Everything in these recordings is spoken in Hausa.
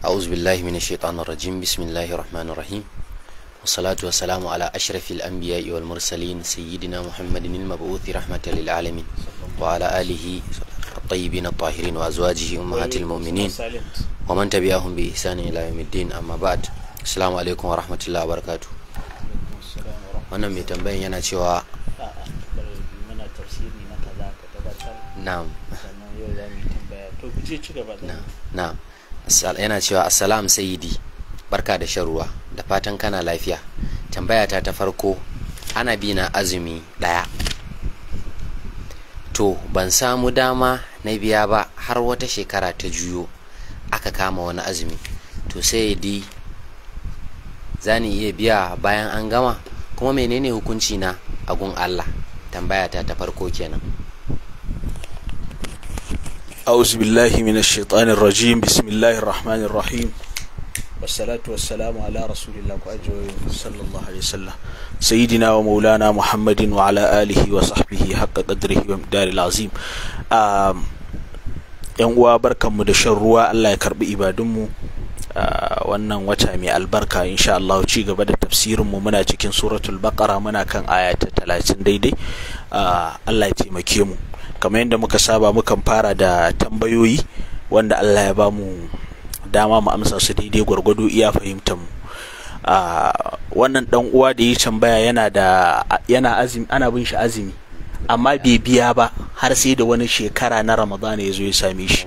أعوذ بالله من الشيطان الرجيم بسم الله الرحمن الرحيم والصلاة والسلام على أشرف الأنبياء والمرسلين سيدنا محمد المبعوث رحمة للعالمين وعلى آله الطيبين الطاهرين وأزواجه أمهات المؤمنين ومن تبعهم بإحسان إلى يوم الدين أما بعد السلام عليكم ورحمة الله وبركاته wannan mai tambayin yana cewa na'am na'am yana cewa assalam sayidi barka da shan ruwa da fatan kana lafiya tambaya ta ta farko ana bi na azumi ɗaya to ban samu dama na biya ba har wata shekara ta juyo aka kama wani azumi to sai di za iya biya bayan an gama kuma menene hukunci na agun allah tambaya ta ta farko kenan أعوذ بالله من الشيطان الرجيم بسم الله الرحمن الرحيم والصلاة والسلام على رسول الله صلى الله عليه وسلم سيدنا ومولانا محمد وعلى آله وصحبه حق قدره ومقدار العظيم yan uwa barkanmu da shan ruwa Allah ya karbi ibadunmu wannan wata mai albarka insha Allah ci gaba da tafsirinmu muna cikin suratul baqara muna kan aya ta 30 daidai Allah ya taimake mu kamar yadda muka saba mukan fara da tambayoyi wanda Allah ya bamu dama mu amsa su daidai gwargwado iya fahimtar mu wannan dan uwa da ya tambaya yana da yana azumi ana bin shi azumi amma bai biya ba har sai da wani shekara na ramadana ya zo ya same shi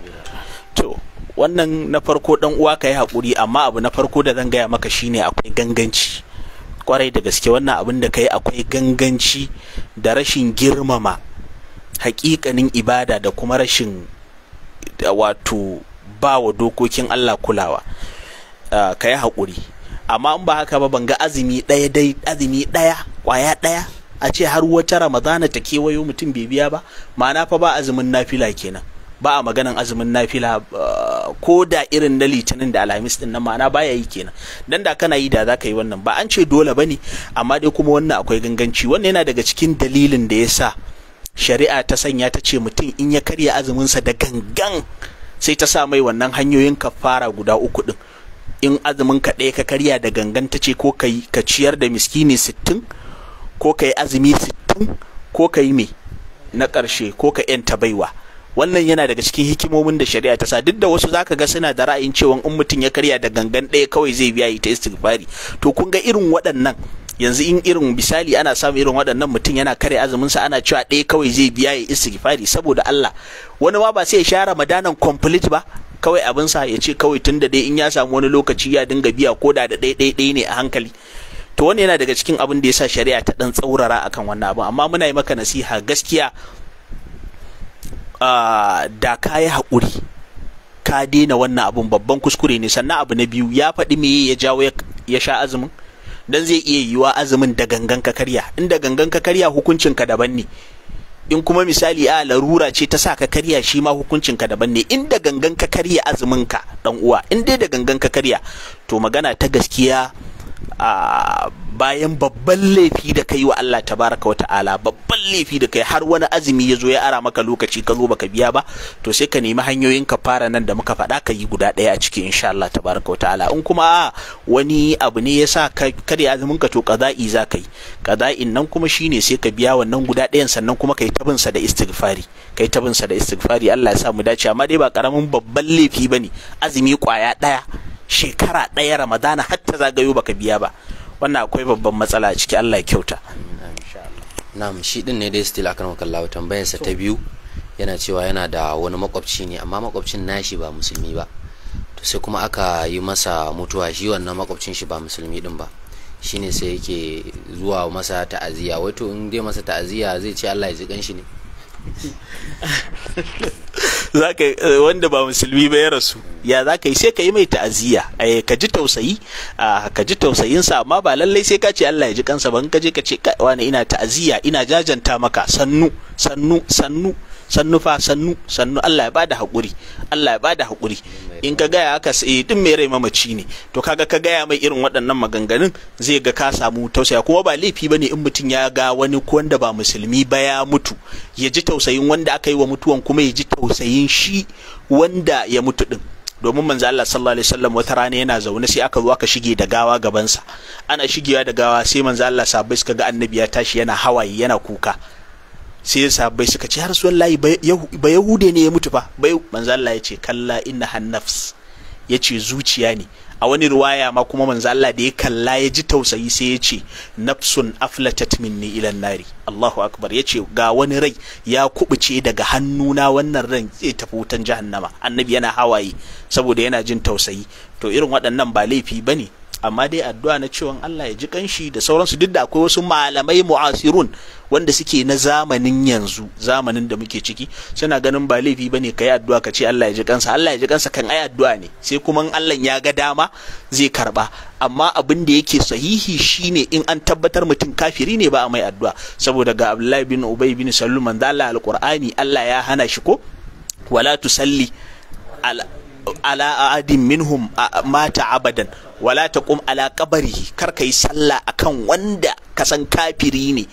to wannan na farko dan uwa ka yi hakuri amma abu na farko da zan gaya maka shine akwai ganganci kwarai da gaske wannan abin da kai akwai ganganci da rashin girmama hakikanin ibada da kuma rashin wato ba wa dokokin Allah kulawa ah, ka yi haƙuri amma in ba haka ba ban ga azumi ɗaya dai azumi ɗaya ƙwaya ɗaya a ce har wata ramadana ta kewayo mutum bai biya ba ma'ana fa ba azumin nafila kenan ba a maganan azumin nafila ah, ko da irin na litinin da alhamis din nan ma'ana baya yi kenan dan da kana yi da za ka yi wannan ba an ce dole ba ne amma dai kuma wannan akwai ganganci wannan yana daga cikin dalilin da ya sa shari'a ta sanya ta ce mutum in ya karya azuminsa da gangan sai ta sa mai wannan hanyoyin kafara guda uku din in azumin ka ɗaya ka karya da gangan ta ce ko ka ciyar da miskini sittin ko ka yi azumi sittin ko ka yi me na ƙarshe ko ka yanta baiwa wannan yana daga cikin hikimomin da shari'a ta sa duk da wasu zaka ga suna da ra'ayin cewa in mutum ya karya da gangan ɗaya kawai zai biya ta istighfari to kun ga irin waɗannan yanzu in irin misali ana samun irin waɗannan mutum yana kare azuminsa ana cewa ɗaya kawai zai biya ya istighfari saboda Allah wani ma ba sai ya sha ramadanan complete ba kawai abinsa ya ce kawai tun da dai in ya samu wani lokaci ya dinga biya ko da da ɗaya ɗaya ne a hankali to wani yana daga cikin abin da ya sa shari'a ta ɗan tsaurara akan wannan abin amma muna yi maka nasiha gaskiya ah, da ka yi haƙuri ka daina wannan abun babban kuskure ne sannan abu na biyu ya faɗi me ya jawo ya sha azumin dan zai iya yiwa azumin da gangan ka karya in da gangan ka karya hukuncin ka daban ne in kuma misali a larura ce ta sa ka karya shi ma hukuncin ka daban ne in da gangan ka karya azumin ka dan uwa in dai da gangan ka karya to magana ta gaskiya bayan babban laifi da kai wa Allah tabaraka wa ta'ala babban laifi da kai har wani azumi ya zo ya ara maka lokaci ka zo baka biya ba to sai ka nemi hanyoyin ka fara nan da muka faɗa ka yi guda ɗaya a ciki insha Allah tabaraka wa ta'ala in kuma wani abu ne yasa kar ya azumin ka to qada'i za ka yi nan kuma shine sai ka biya wannan guda ɗayan sannan kuma kai tabin sa da istighfari kai tabin sa da istighfari Allah ya sa mu dace amma dai ba karamin babban laifi bane azumi kwaya ɗaya shekara ɗaya ramadana har ta zagayo baka biya ba wannan akwai babban matsala a ciki Allah ya kyauta na'am shi din ne dai still akan wakallawa tambayar sa ta biyu yana cewa yana da wani makwabci ne amma makwabcin nashi ba musulmi ba to sai kuma aka yi masa mutuwa shi wannan makwabcin shi ba musulmi din ba shine sai yake zuwa masa ta'aziyya wato in dai masa ta'aziyya zai ce Allah ya ji shi ne za ka eh, wanda ba musulmi ba ya rasu ya za ka yi sai ka yi mai ta'aziyya eh, ka ji tausayi ah, ka ji tausayinsa amma ba lallai sai ka ce Allah ya ji kansa ba in ka je ka ce wani ina ta'aziyya ina jajanta maka sannu sannu sannu sannu fa sannu sannu Allah ya bada hakuri Allah ya bada hakuri in ka gaya haka sai eh, din mai rai mamaci ne to kaga ka gaya mai irin waɗannan maganganun zai ga ka samu tausaya kuma ba laifi bane in mutum ya ga wani ko wanda ba musulmi ba ya mutu ya ji tausayin wanda aka yi wa mutuwan kuma ya ji tausayin shi wanda ya mutu din domin manzo Allah sallallahu alaihi wasallam wata rana yana zaune sai aka zo aka shige da gawa gabansa ana shigewa da gawa sai manzo Allah sabai suka ga annabi ya tashi yana hawaye yana kuka sai bai suka ce har wallahi ba yahude ne ya mutu ba bai manzo Allah ya ce kalla inna hannafs ya ce zuciya ne a wani ruwaya ma kuma manzo Allah da ya kalla ya ji tausayi sai ya ce nafsun aflatat minni ilan nari Allahu akbar ya ce ga wani rai ya kubuce daga hannuna wannan ran zai tafi wutan jahannama annabi yana hawaye saboda yana jin tausayi to irin waɗannan ba laifi bane amma dai addu'a na cewa Allah ya ji kanshi da sauransu duk da akwai wasu malamai mu'asirun wanda suke na zamanin yanzu zamanin da muke ciki suna ganin ba laifi bane kai addu'a ka ce Allah ya ji kansa Allah ya ji kansa kan ai addu'a ne sai kuma Allah ya ga dama zai karba amma abin da yake sahihi shine in an tabbatar mutum kafiri ne ba a mai addu'a saboda ga Abdullahi bin Ubay bin Sallu manzo Allah alqur'ani Allah ya hana shi ko wala tusalli ala adin minhum mata abadan wala taqum ala kabari kar kai sallah akan wanda kasan kafiri ne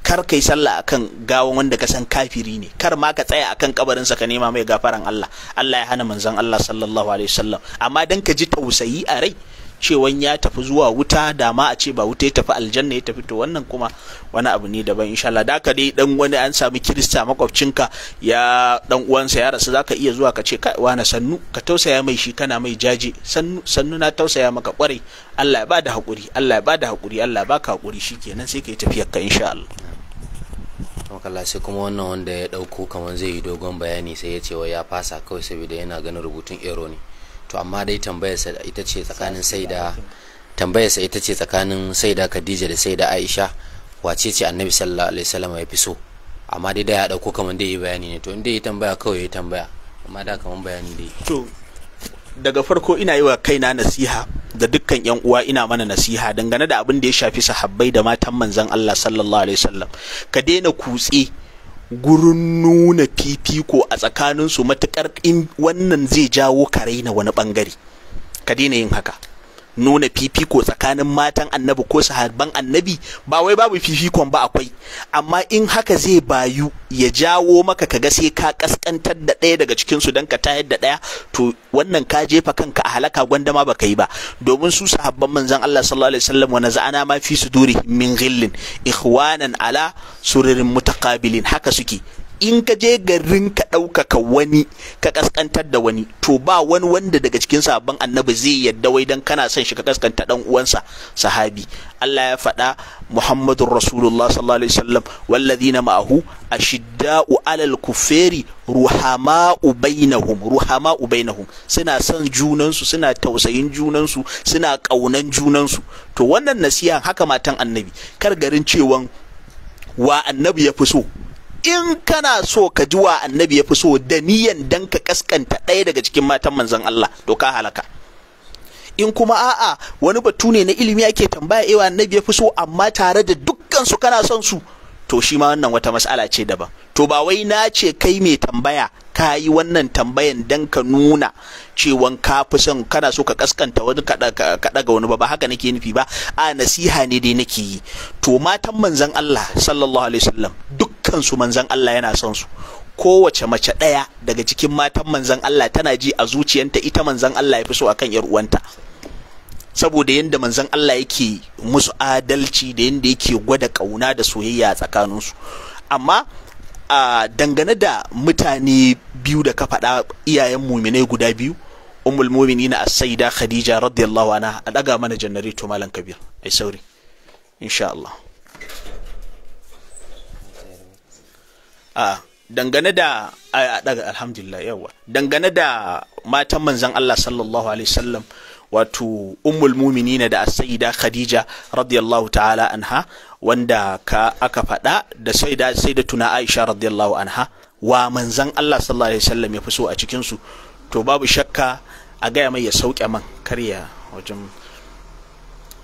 kar kai sallah akan gawan wanda kasan kafiri ne kar ma ka tsaya akan kabarin sa ka nema mai gafaran Allah Allah ya hana manzon Allah sallallahu alaihi wasallam amma dan ka ji tausayi a rai cewan ya tafi zuwa wuta da ma a ce ba wuta ya tafi aljanna ya tafi to wannan kuma wani abu ne daban insha Allah da ka dai dan wani an sami kirista makwabcinka ya dan uwansa ya rasu zaka iya zuwa ka ce kai wani sannu ka tausaya mai shi kana mai jaje sannu sannu na tausaya maka kwarai Allah ya ba hakuri Allah ya ba da hakuri Allah ya baka hakuri shikenan sai ka yi tafiyar ka insha Allah Allah sai kuma wannan wanda ya dauko kamar zai yi dogon bayani sai ya ce wa ya fasa kawai saboda yana ganin rubutun ero ne to amma dai tambayarsa ita ce tsakanin sai da tambayarsa ita ce tsakanin sai da khadija da sai da aisha wace ce annabi sallallahu alaihi wasallam ya fi so amma dai da ya dauko kaman dai yi bayani ne to in dai yi tambaya kawai yi tambaya amma da kaman bayani dai to daga farko ina yi wa kaina nasiha da dukkan yan uwa ina mana nasiha dangane da abin da ya shafi sahabbai da matan manzon Allah sallallahu alaihi wasallam ka daina kutse gurin nuna fifiko a tsakaninsu matukar in wannan zai jawo ka raina wani ɓangare ka daina yin haka nuna fifiko tsakanin matan annabi ko sahabban annabi ba wai babu fifikon ba akwai amma in haka zai bayu ya jawo maka ka ga sai ka kaskantar da ɗaya daga cikin su dan ka tayar da ɗaya to wannan ka jefa kanka a halaka gwanda ma baka yi ba domin su sahabban manzon Allah sallallahu alaihi wasallam wa naz'ana ma fi suduri min ghillin ikhwanan ala sururin mutaqabilin haka suke in ka je garin ka ɗaukaka wani ka ƙasƙantar da wani to ba wani wanda daga cikin sabon annabi zai yadda wai dan kana son shi ka ƙasƙanta dan uwansa sahabi Allah ya faɗa Muhammadun Rasulullah sallallahu alaihi wasallam walladhina ma'ahu ashidda'u alal kuferi ruhama bainahum ruhama bainahum suna son junansu suna tausayin junansu suna ƙaunan junansu to wannan nasiha haka matan annabi kar garin cewan wa annabi ya fi so in kana so ka ji wa annabi ya fi so da niyan dan ka kaskanta ɗaya daga cikin matan manzon Allah to ka halaka in kuma a'a wani batu ne na ilimi ake tambaya ewa eh, annabi ya fi so amma tare da dukkan su kana son su to shi ma wannan wata mas'ala ce daban to ba wai na ce kai mai tambaya ka yi wannan tambayan dan ka nuna cewan ka fi son kana so ka kaskanta wani ka daga wani ba ba haka nake nufi ba a nasiha ne dai nake yi to matan manzan Allah sallallahu alaihi wasallam dukkan su manzan Allah yana son su kowace mace ɗaya daga cikin matan manzan Allah tana ji a zuciyanta ita manzan Allah ya fi so akan yar uwanta saboda yadda manzon Allah yake musu adalci da yadda yake gwada ƙauna da soyayya a tsakaninsu amma a dangane da mutane biyu da ka faɗa iyayen muminai guda biyu ummul muminina a sayyida khadija radiyallahu anha a ɗaga mana janareto malam kabir ai sauri insha Allah dangane da a ɗaga alhamdulillah yawa dangane da matan manzon Allah sallallahu alaihi wasallam wato ummul muminina da a sayyida khadija radiyallahu ta'ala anha wanda ka aka faɗa da saida saida tuna aisha radiyallahu anha wa manzan Allah sallallahu alaihi wasallam ya fi a cikin su to babu shakka a gaya mai ya sauke man Kariya wajen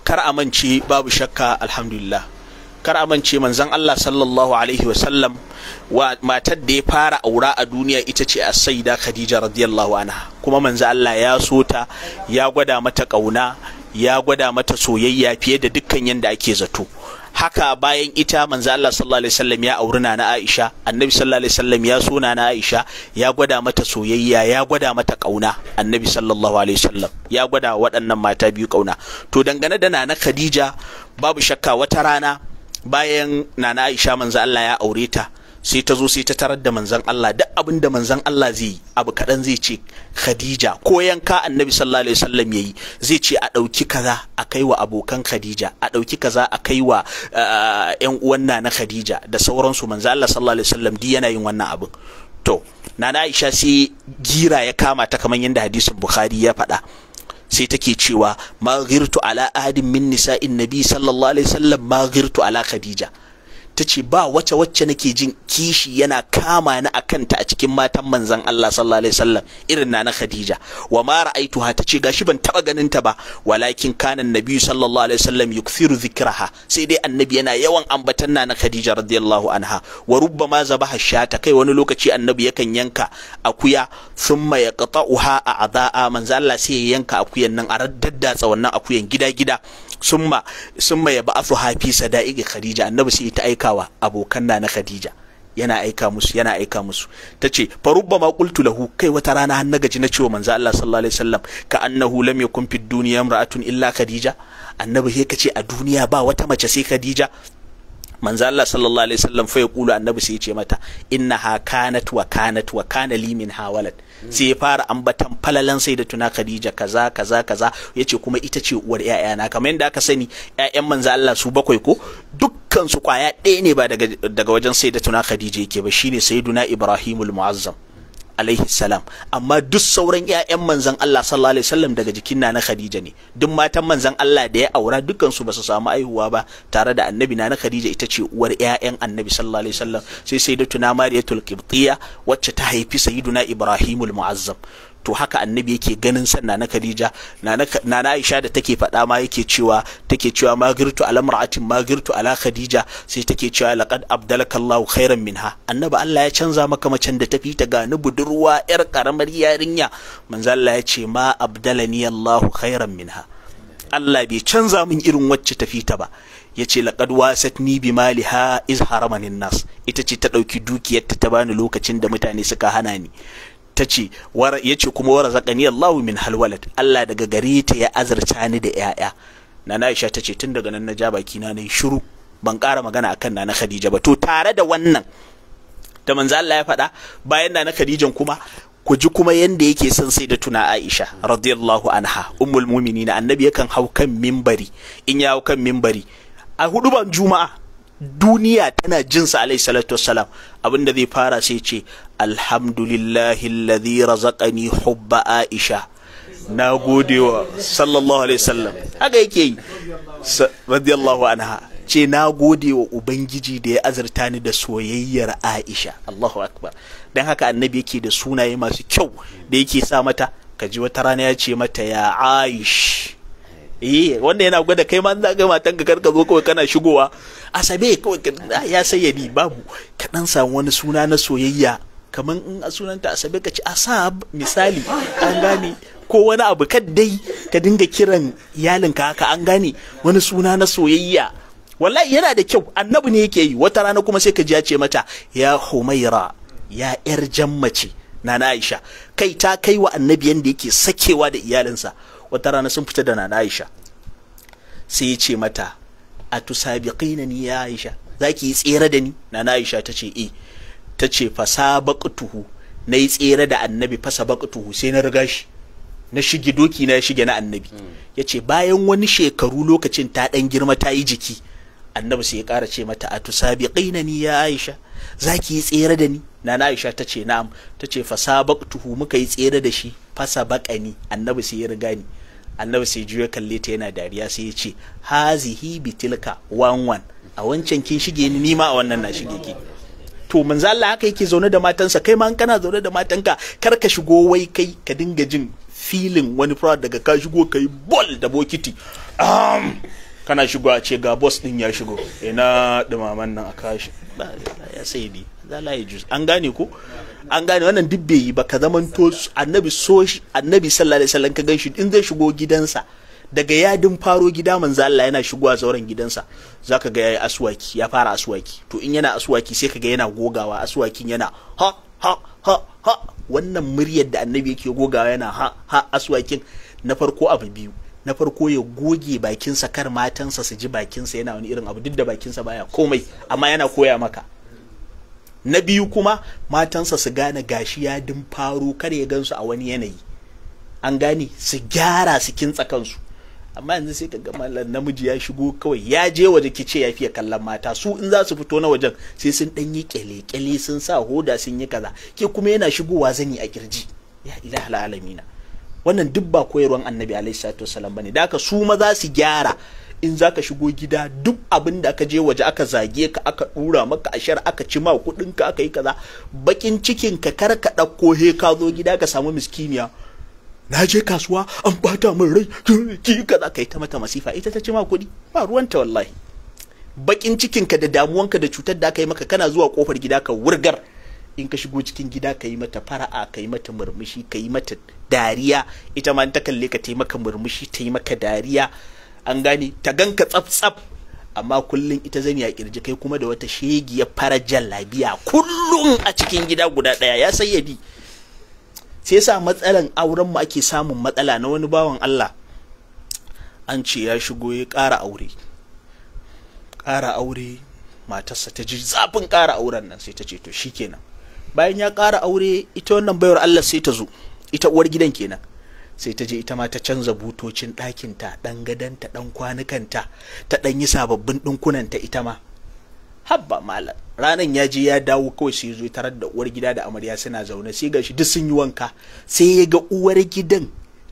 kar amince babu shakka alhamdulillah kar amince manzon Allah sallallahu alaihi wa sallam wa matar da ya fara aura a duniya ita ce as-sayyida Khadija radiyallahu anha kuma manzon Allah ya so ta ya gwada mata kauna ya gwada mata soyayya fiye da dukkan yanda ake zato haka bayan ita manzo Allah sallallahu alaihi wasallam ya auri na Aisha annabi sallallahu alaihi wasallam ya so na Aisha ya gwada mata soyayya ya gwada mata kauna annabi sallallahu alaihi wasallam ya gwada waɗannan mata biyu kauna to dangane da na Khadija babu shakka wata rana bayan nana Aisha manzon Allah ya aure ta sai ta zo sai ta tarar da manzon Allah duk abin da manzon Allah zai yi abu kaɗan zai ce Khadija ko yanka annabi sallallahu alaihi wasallam yayi zai ce a ɗauki kaza a kai wa abokan Khadija a ɗauki kaza a kai wa eh, ƴan uwan na Khadija da sauransu manzon Allah sallallahu alaihi wasallam di yana yin wannan abin to nana Aisha sai gira ya kama ta kamar yadda hadisin Bukhari ya faɗa sai take cewa ma ala ahadin min nisa'in nabi sallallahu alaihi wasallam ma ghirtu ala khadija ta ce ba wacce wacce nake jin kishi yana kama ni a kanta a cikin matan manzan Allah sallallahu alaihi wasallam irin na na Khadija wa ma ra'aituha ta ce gashi ban taba ganin ta ba walakin kana annabi sallallahu alaihi wasallam yukthiru dhikraha sai dai annabi yana yawan ambatan na na Khadija radiyallahu anha wa rubbama zabaha shata kai wani lokaci annabi yakan yanka akuya thumma yaqta'uha a manzan Allah sai ya yanka akuyan nan a raddatsa wannan akuyan gida gida summa summa ya ba'athu hafi sada'iqi khadija annabi sai ta aikawa abokan na na khadija yana aika musu yana aika musu tace fa rubbama qultu lahu kai wata rana har nagaji na cewa manzo Allah sallallahu alaihi wasallam ka annahu lam yakun fid dunya imra'atun illa khadija annabi sai kace a duniya ba wata mace sai khadija manzo Allah sallallahu alaihi wasallam fa yaqulu annabi sai ya ce mata innaha kanat wa kanat wa kana li min hawalad sai ya fara ambatan falalan sai da tuna khadija kaza kaza kaza yace kuma ita ce uwar 'yayana kamar yanda aka sani ya'yan manzo Allah su bakwai ko dukkan su kwaya ɗaya ne ba daga daga wajen sai da tuna khadija yake ba shine sayyiduna ibrahimul muazzam alaihi salam amma duk sauran 'ya'yan manzan Allah sallallahu alaihi wasallam daga jikin na Khadija ne duk matan manzan Allah da ya aura dukkan su basu samu aihuwa ba tare da annabi na na Khadija ita ce uwar 'ya'yan annabi sallallahu alaihi wasallam sai sayyidatuna Mariyatul Qibtiyya wacce ta haifi sayyiduna Ibrahimul Mu'azzam to haka annabi yake ganin san na Khadija na na Aisha da take faɗa ma yake cewa take cewa magirtu ala mar'atin magirtu ala Khadija sai take cewa laqad abdalaka Allah khairan minha annabi Allah ya canza maka macen da tafi ta gani budurwa yar karamar yarinya manzo Allah ya ce ma abdalani Allahu khairan minha Allah bai canza min irin wacce tafi ta ba ya ce laƙad wasat bi maliha iz haramanin nas ita ce ta ɗauki dukiyarta ta bani lokacin da mutane suka hana ni ta ce ya ce kuma wara zaƙani Allahu min halwalat Allah daga gare ta ya azurta ni da 'ya'ya nana Aisha ta ce tun daga nan na ja baki na nayi shiru ban ƙara magana akan na Khadija ba to tare da wannan da manzo Allah ya faɗa bayan na na Khadijan kuma ku ji kuma yanda yake son sai da tuna Aisha radiyallahu anha ummul mu'minin annabi yakan hau kan mimbari in ya hau kan mimbari a hudu ban juma'a duniya tana jinsa alaihi salatu wassalam abinda zai fara sai ce alhamdulillahi alladhi razaqani hubba aisha na gode sallallahu alaihi wasallam haka yake yi radiyallahu anha ce na gode wa ubangiji da ya azurta ni da soyayyar aisha allahu akbar dan haka annabi yake da sunaye masu kyau da yake sa mata ka ji wata rana ya ce mata ya aish eh wanda yana gwada kai ma an zaga matan ka karka zo kawai kana shigowa asabe kawai ya sayyadi babu ka samu wani suna na soyayya kamar in a sunanta asabe ka ci asab misali an gane ko wani abu kaddai ka dinga kiran iyalinka haka an gane wani suna na soyayya wallahi yana da kyau annabi ne yake yi wata rana kuma sai ka ji ya ce mata ya humaira ya yar jammace na aisha kai ta kai wa annabi yanda yake sakewa da iyalinsa wata rana sun fita da na na aisha sai ya ce mata a tusabiqina ni ya aisha zaki yi tsere da ni na na aisha ta ce eh ta ce fasa tuhu na yi tsere da annabi fasa tuhu sai na riga shi na shige doki na shige na annabi ya ce bayan wani shekaru lokacin ta ɗan girma ta yi jiki annabi sai ya ƙara ce mata a tusabi ƙaina ni ya aisha za ki yi tsere da ni na na aisha ta ce na'am ta ce fasa tuhu muka yi tsere da shi fasa baƙani annabi sai ya riga ni annabi sai juya kalle ta yana dariya sai ya ce hazihi bitilka wan wan a wancan kin shige ni nima a wannan na shige ki to manzo Allah haka yake zaune da matansa kai ma kana zaune da matanka kar ka shigo wai kai ka dinga jin filin wani fura daga ka shigo kai bol da bokiti um, kana shigo a ce ga boss din ya shigo ina dumaman nan a kashi ya sai ni zala ya an gane ko an gane wannan dibbe yi ba ka to annabi so annabi sallallahu alaihi wasallam ka ganshi in zai shigo gidansa daga yadin faro gida manzo Allah yana shigowa zauren gidansa zaka ga yayi aswaki ya fara aswaki to in yana aswaki sai kaga yana gogawa aswakin yana ha ha ha ha wannan muryar da annabi yake gogawa yana ha ha aswakin na farko abu biyu na farko ya goge bakinsa kar matansa su ji bakinsa yana wani irin abu duk da bakinsa baya komai amma yana koya maka na biyu kuma matansa su gane gashi ya faro kar ya gansu a wani yanayi an gane su gyara su kintsa kansu amma yanzu sai ka gama namiji ya shigo kawai ya je waje kice ya fiye kallon mata su in za su fito na wajen sai sun dan yi kyale kyale sun sa hoda sun yi kaza ke kuma yana shigowa zani a kirji ya ilaha alamina wannan duk ba koyarwan annabi alaihi salatu wasallam bane da haka su maza su gyara in zaka shigo gida duk abin da aka je waje aka zage ka aka dura maka ashar aka ci ma kuɗin ka aka yi kaza bakin cikin ka kar ka ɗauko he ka zo gida ka samu miskiniya na je kasuwa an bata min rai ki kaza kai ta mata masifa ita ta ce ma kuɗi ba ruwanta wallahi bakin cikinka da damuwanka da cutar da aka yi maka kana zuwa kofar gida ka wurgar in ka shigo cikin gida ka yi mata fara'a ka yi mata murmushi ka yi mata dariya ita ma ta kalle ka taimaka murmushi ta yi maka dariya an gane ta ganka tsaf tsaf amma kullum ita zan ya kirji kai kuma da wata shegiyar farar jallabiya kullum a cikin gida guda ɗaya ya bi. sai yasa matsalan auren mu ake samun matsala na wani bawan Allah an ce ya shigo ya ƙara aure ƙara aure matarsa ta ji zafin ƙara auren nan sai ta ce to shikenan bayan ya kara aure ita wannan bayar Allah sai ta zo ita uwar gidan kenan sai ta je ita ma ta canza butocin ɗakinta ɗan gadanta ɗan kwanukanta ta ɗan yi sababbin ɗinkunanta ita ma habba malam ranan ya je ya dawo kawai sai zo tarar da uwar gida da amarya suna zaune sai ga shi duk sun yi wanka sai ya ga uwar gidan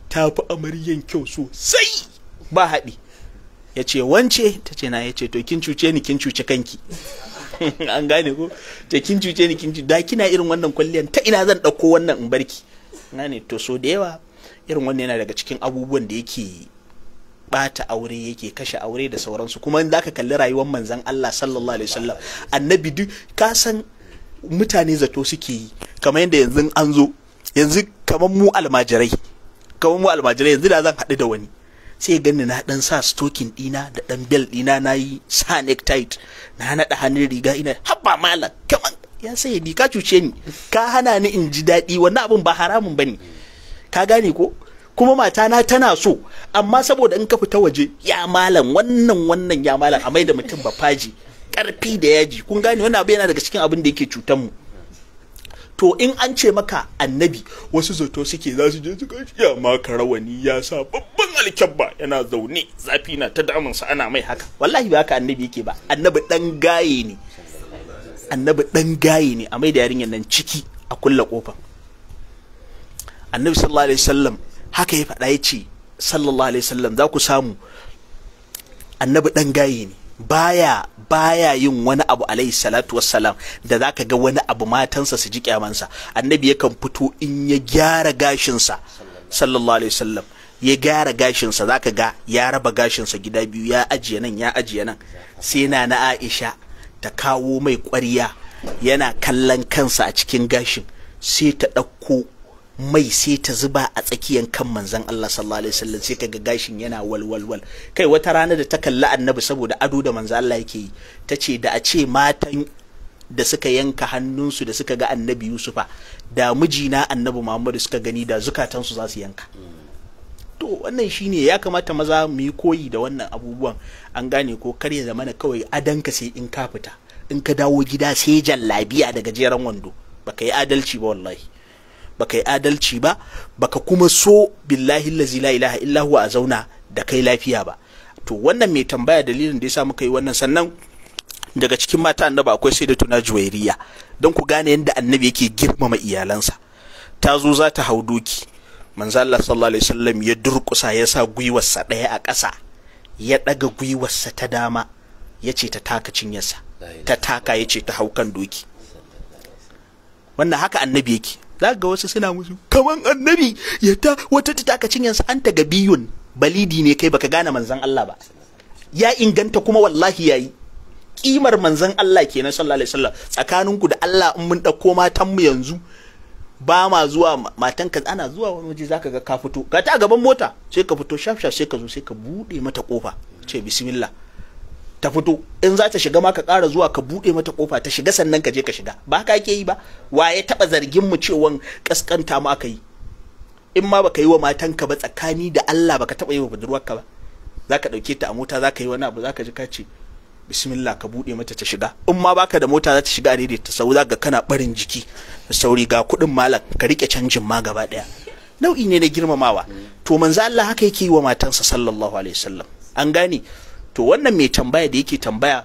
ta fi amaryan kyau sai ba haɗi ya ce wance ta ce na ya ce to kin cuce ni kin cuce kanki an gane ko ta kin cuce ni kin cuce da kina irin wannan kwalliyan ta ina zan ɗauko wannan in barki gane to so da yawa irin wannan yana daga cikin abubuwan da yake bata aure yake kashe aure da sauransu kuma in zaka kalli rayuwar manzan Allah sallallahu alaihi wasallam annabi duk ka san mutane zato suke yi kamar yadda yanzu an zo yanzu kamar mu almajirai kamar mu almajirai yanzu da zan haɗu da wani sai gani na dan sa stokin dina da dan bel dina nayi yi sa necktie na naɗa hannun riga ina habba malam kaman ya sai ni ka cuce ni ka hana ni in ji daɗi wannan abun ba haramun bane ka gane ko kuma matana tana so amma saboda in ka fita waje ya malam wannan wannan ya malam a mai da mutum faji, karfi da yaji kun gane wannan abu yana daga cikin abin da yake cutan mu to in an ce maka annabi wasu zato suke za su je su kashi ya maka rawani ya sa babban alkyabba yana zaune zafi na ta sa ana mai haka wallahi ba haka annabi yake ba annabi dan gaye ne annabi dan gaye ne a mai da yarinyar nan ciki a kulla kofa annabi sallallahu alaihi wasallam haka ya faɗa ya ce sallallahu alaihi wasallam za ku samu annabi ɗan gaye ne baya baya yin wani abu alaihi salatu wassalam da za ka ga wani abu matansa su ji kyamansa annabi yakan fito in ya gyara gashinsa sallallahu alaihi wasallam ya gyara gashinsa za ka ga ya raba gashinsa gida biyu ya ajiye nan ya ajiye nan sai na na aisha ta kawo mai ƙwarya yana kallon kansa a cikin gashin sai ta ɗauko mai sai ta zuba a tsakiyar kan manzan Allah sallallahu alaihi wasallam sai kaga gashin yana walwalwal kai wata rana da ta kalli annabi saboda ado da manzan Allah yake yi ta ce da a ce matan da suka yanka hannunsu da suka ga annabi Yusufa da mijina annabi Muhammadu suka gani da zukatansu za su yanka to wannan shine ya kamata maza mu yi koyi da wannan abubuwan an gane ko kar ya zamana kawai adanka sai in ka fita in ka dawo gida sai jallabiya da gajeren wando baka yi adalci ba wallahi baka yi adalci ba baka kuma so billahi lazi la ilaha illa a zauna da kai lafiya ba to wannan mai tambaya dalilin da ya sa muka yi wannan sannan daga cikin mata annabi akwai sai da tuna juwairiya don ku gane yadda annabi yake girmama iyalansa ta zo za ta hau doki manzo Allah sallallahu alaihi wasallam ya durƙusa ya sa gwiwarsa ɗaya a ƙasa ya ɗaga gwiwarsa ta dama ya ce ta taka cinyarsa ta taka ya ce ta hau kan doki wannan haka annabi yake za ga wasu suna musu kaman annabi ya ta wata ta taka sa an ga biyun balidi ne kai baka gane manzan Allah ba ya inganta kuma wallahi yayi kimar manzan Allah kenan sallallahu alaihi wasallam tsakaninku da Allah in mun dauko matan mu yanzu ba ma zuwa matan ka ana zuwa wani waje zaka ga ka fito ka ta gaban mota sai ka fito shafsha sai ka zo sai ka bude mata kofa ce bismillah ta fito in za ta shiga ma ka kara zuwa ka buɗe mata kofa ta shiga sannan ka je ka shiga ba ka ke yi ba wa ya taɓa zargin mu cewan kaskanta mu aka yi in ma baka yi wa matanka ba tsakani da Allah baka taɓa yi wa budurwarka ba za ka ɗauke ta a mota za ka yi wani abu za ka ji ka ce bismillah ka buɗe mata ta shiga in ma baka da mota za ta shiga da ta sau za kana barin jiki da sauri ga kuɗin malam ka riƙe canjin ma gaba ɗaya nau'i ne na girmamawa to manzo Allah haka yake yi wa matansa sallallahu alaihi wasallam an gane to wannan mai tambaya da yake tambaya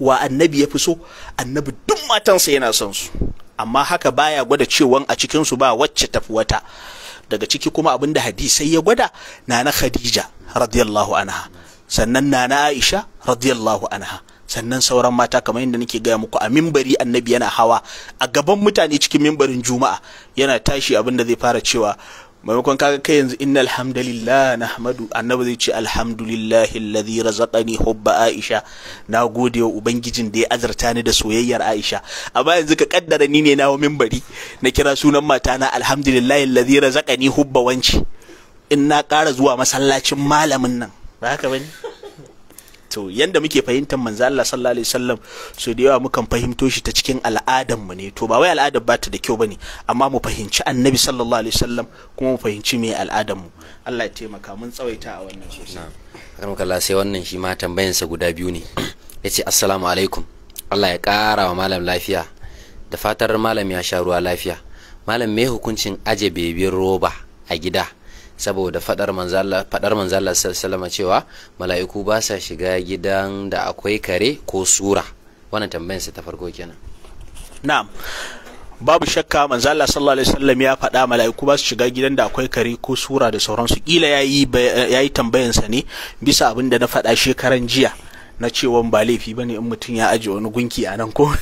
wa annabi ya fi so annabi duk matansa yana son su amma haka baya gwada cewan a cikin su ba wacce tafi wata daga ciki kuma abin da hadisai ya gwada nana khadija radiyallahu anha sannan nana aisha radiyallahu anha sannan sauran mata kamar yadda nake gaya muku a mimbari annabi yana hawa a gaban mutane cikin mimbarin juma'a yana tashi abin da zai fara cewa maimakon kaga kai yanzu innal hamdalillah hamadu annabi zai ce alhamdulillahi alladhi razaqani hubba aisha na gode wa ubangijin da ya azarta ni da soyayyar aisha amma yanzu ka kaddara ni ne nawa minbari na kira sunan mata na alhamdulillahi alladhi razaqani hubba wanci in na kara zuwa masallacin malamin nan ba haka bane to yanda muke fahimtar manzo Allah sallallahu alaihi wasallam so da yawa mukan fahimto shi ta cikin al'adan mu ne to ba wai al'adar ba ta da kyau bane amma mu fahimci annabi sallallahu alaihi wasallam kuma mu fahimci me al'adan mu Allah ya taimaka mun tsawaita a wannan sosai na'am kalla sai wannan shi ma sa guda biyu ne yace assalamu alaikum Allah ya kara wa malam lafiya da fatar malam ya sha ruwa lafiya malam me hukuncin aje bebin roba a gida saboda fadar manzala fadar manzala cewa mala'iku ba sa shiga gidan da akwai kare ko sura wannan tambayin sa ta farko kenan na'am babu shakka manzala sallallahu alaihi wasallam ya faɗa mala'iku ba su shiga gidan da akwai kare ko sura da sauransu kila yayi yayi tambayan sa ne bisa abin da na faɗa shekaran jiya na cewan ba laifi ba ne in mutum ya aje wani gunki a nan ko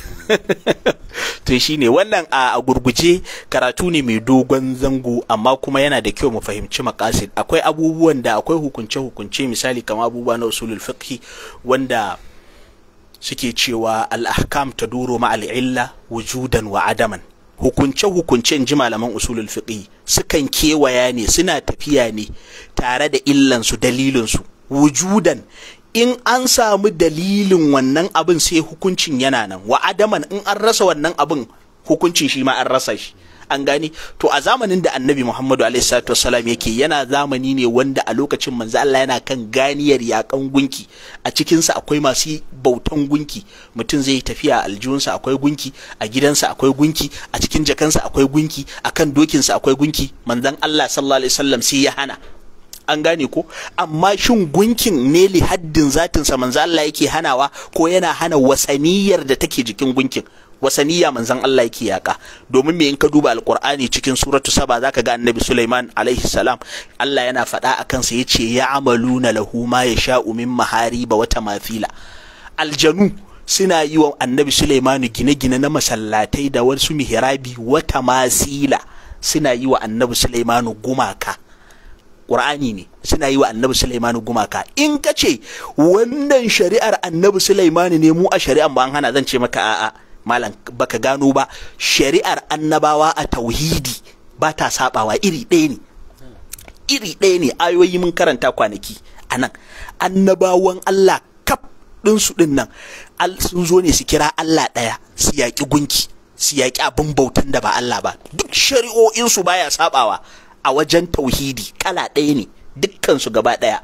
to shine wannan a gurguje karatu ne mai dogon zango amma kuma yana da kyau mu fahimci makasid akwai abubuwan da akwai hukunce hukunce misali kamar abubuwa na usulul fiqh wanda suke cewa al'ahkam ta taduru ma wujudan wa adaman hukunce hukunce in ji malaman usulul fiqh sukan kewaya ne suna tafiya ne tare da illansu dalilinsu wujudan in an samu dalilin wannan abin sai hukuncin yana nan wa adaman in an rasa wannan abin hukuncin shi ma an rasa shi an gane to a zamanin da annabi muhammadu alaihi salam yake yana zamani ne wanda a lokacin manzo Allah yana kan ganiyar yakan gunki a cikinsa akwai masu bautan gunki mutum zai tafiya a aljihunsa akwai gunki a gidansa akwai gunki a cikin jakansa akwai gunki akan kan dokinsa akwai gunki manzon Allah sallallahu alaihi wasallam sai ya hana an gane ko amma shin gunkin ne lihaddin zatin zatinsa manzo Allah yake hanawa ko yana hana wasaniyar da take jikin gunkin wasaniya manzon Allah yake yaka domin me in ka duba alqur'ani cikin suratu saba zaka ga annabi Sulaiman alaihi salam Allah yana faɗa akan sa yace ya amaluna lahu ma yasha'u min mahariba wata mafila. aljanu suna yi wa annabi Sulaimanu gine-gine na masallatai da wasu mihrabi wata masila suna yi wa annabi Sulaimanu gumaka Qur'ani ne suna yi wa annabi sulaimanu gumaka in ka ce wannan shari'ar annabi sulaimanu ne mu a shari'ar ba an hana zan ce maka a'a malam baka gano ba shari'ar annabawa a tauhidi ba ta sabawa iri ɗaya ne iri ɗaya ne ayoyi mun karanta kwanaki anan annabawan Allah kaf ɗinsu ɗin nan sun zo ne su kira Allah ɗaya su yaƙi gunki su yaƙi abin bautan da ba Allah ba duk shari'o'insu baya sabawa a wajen tauhidi kala ɗaya ne dukkansu gaba ɗaya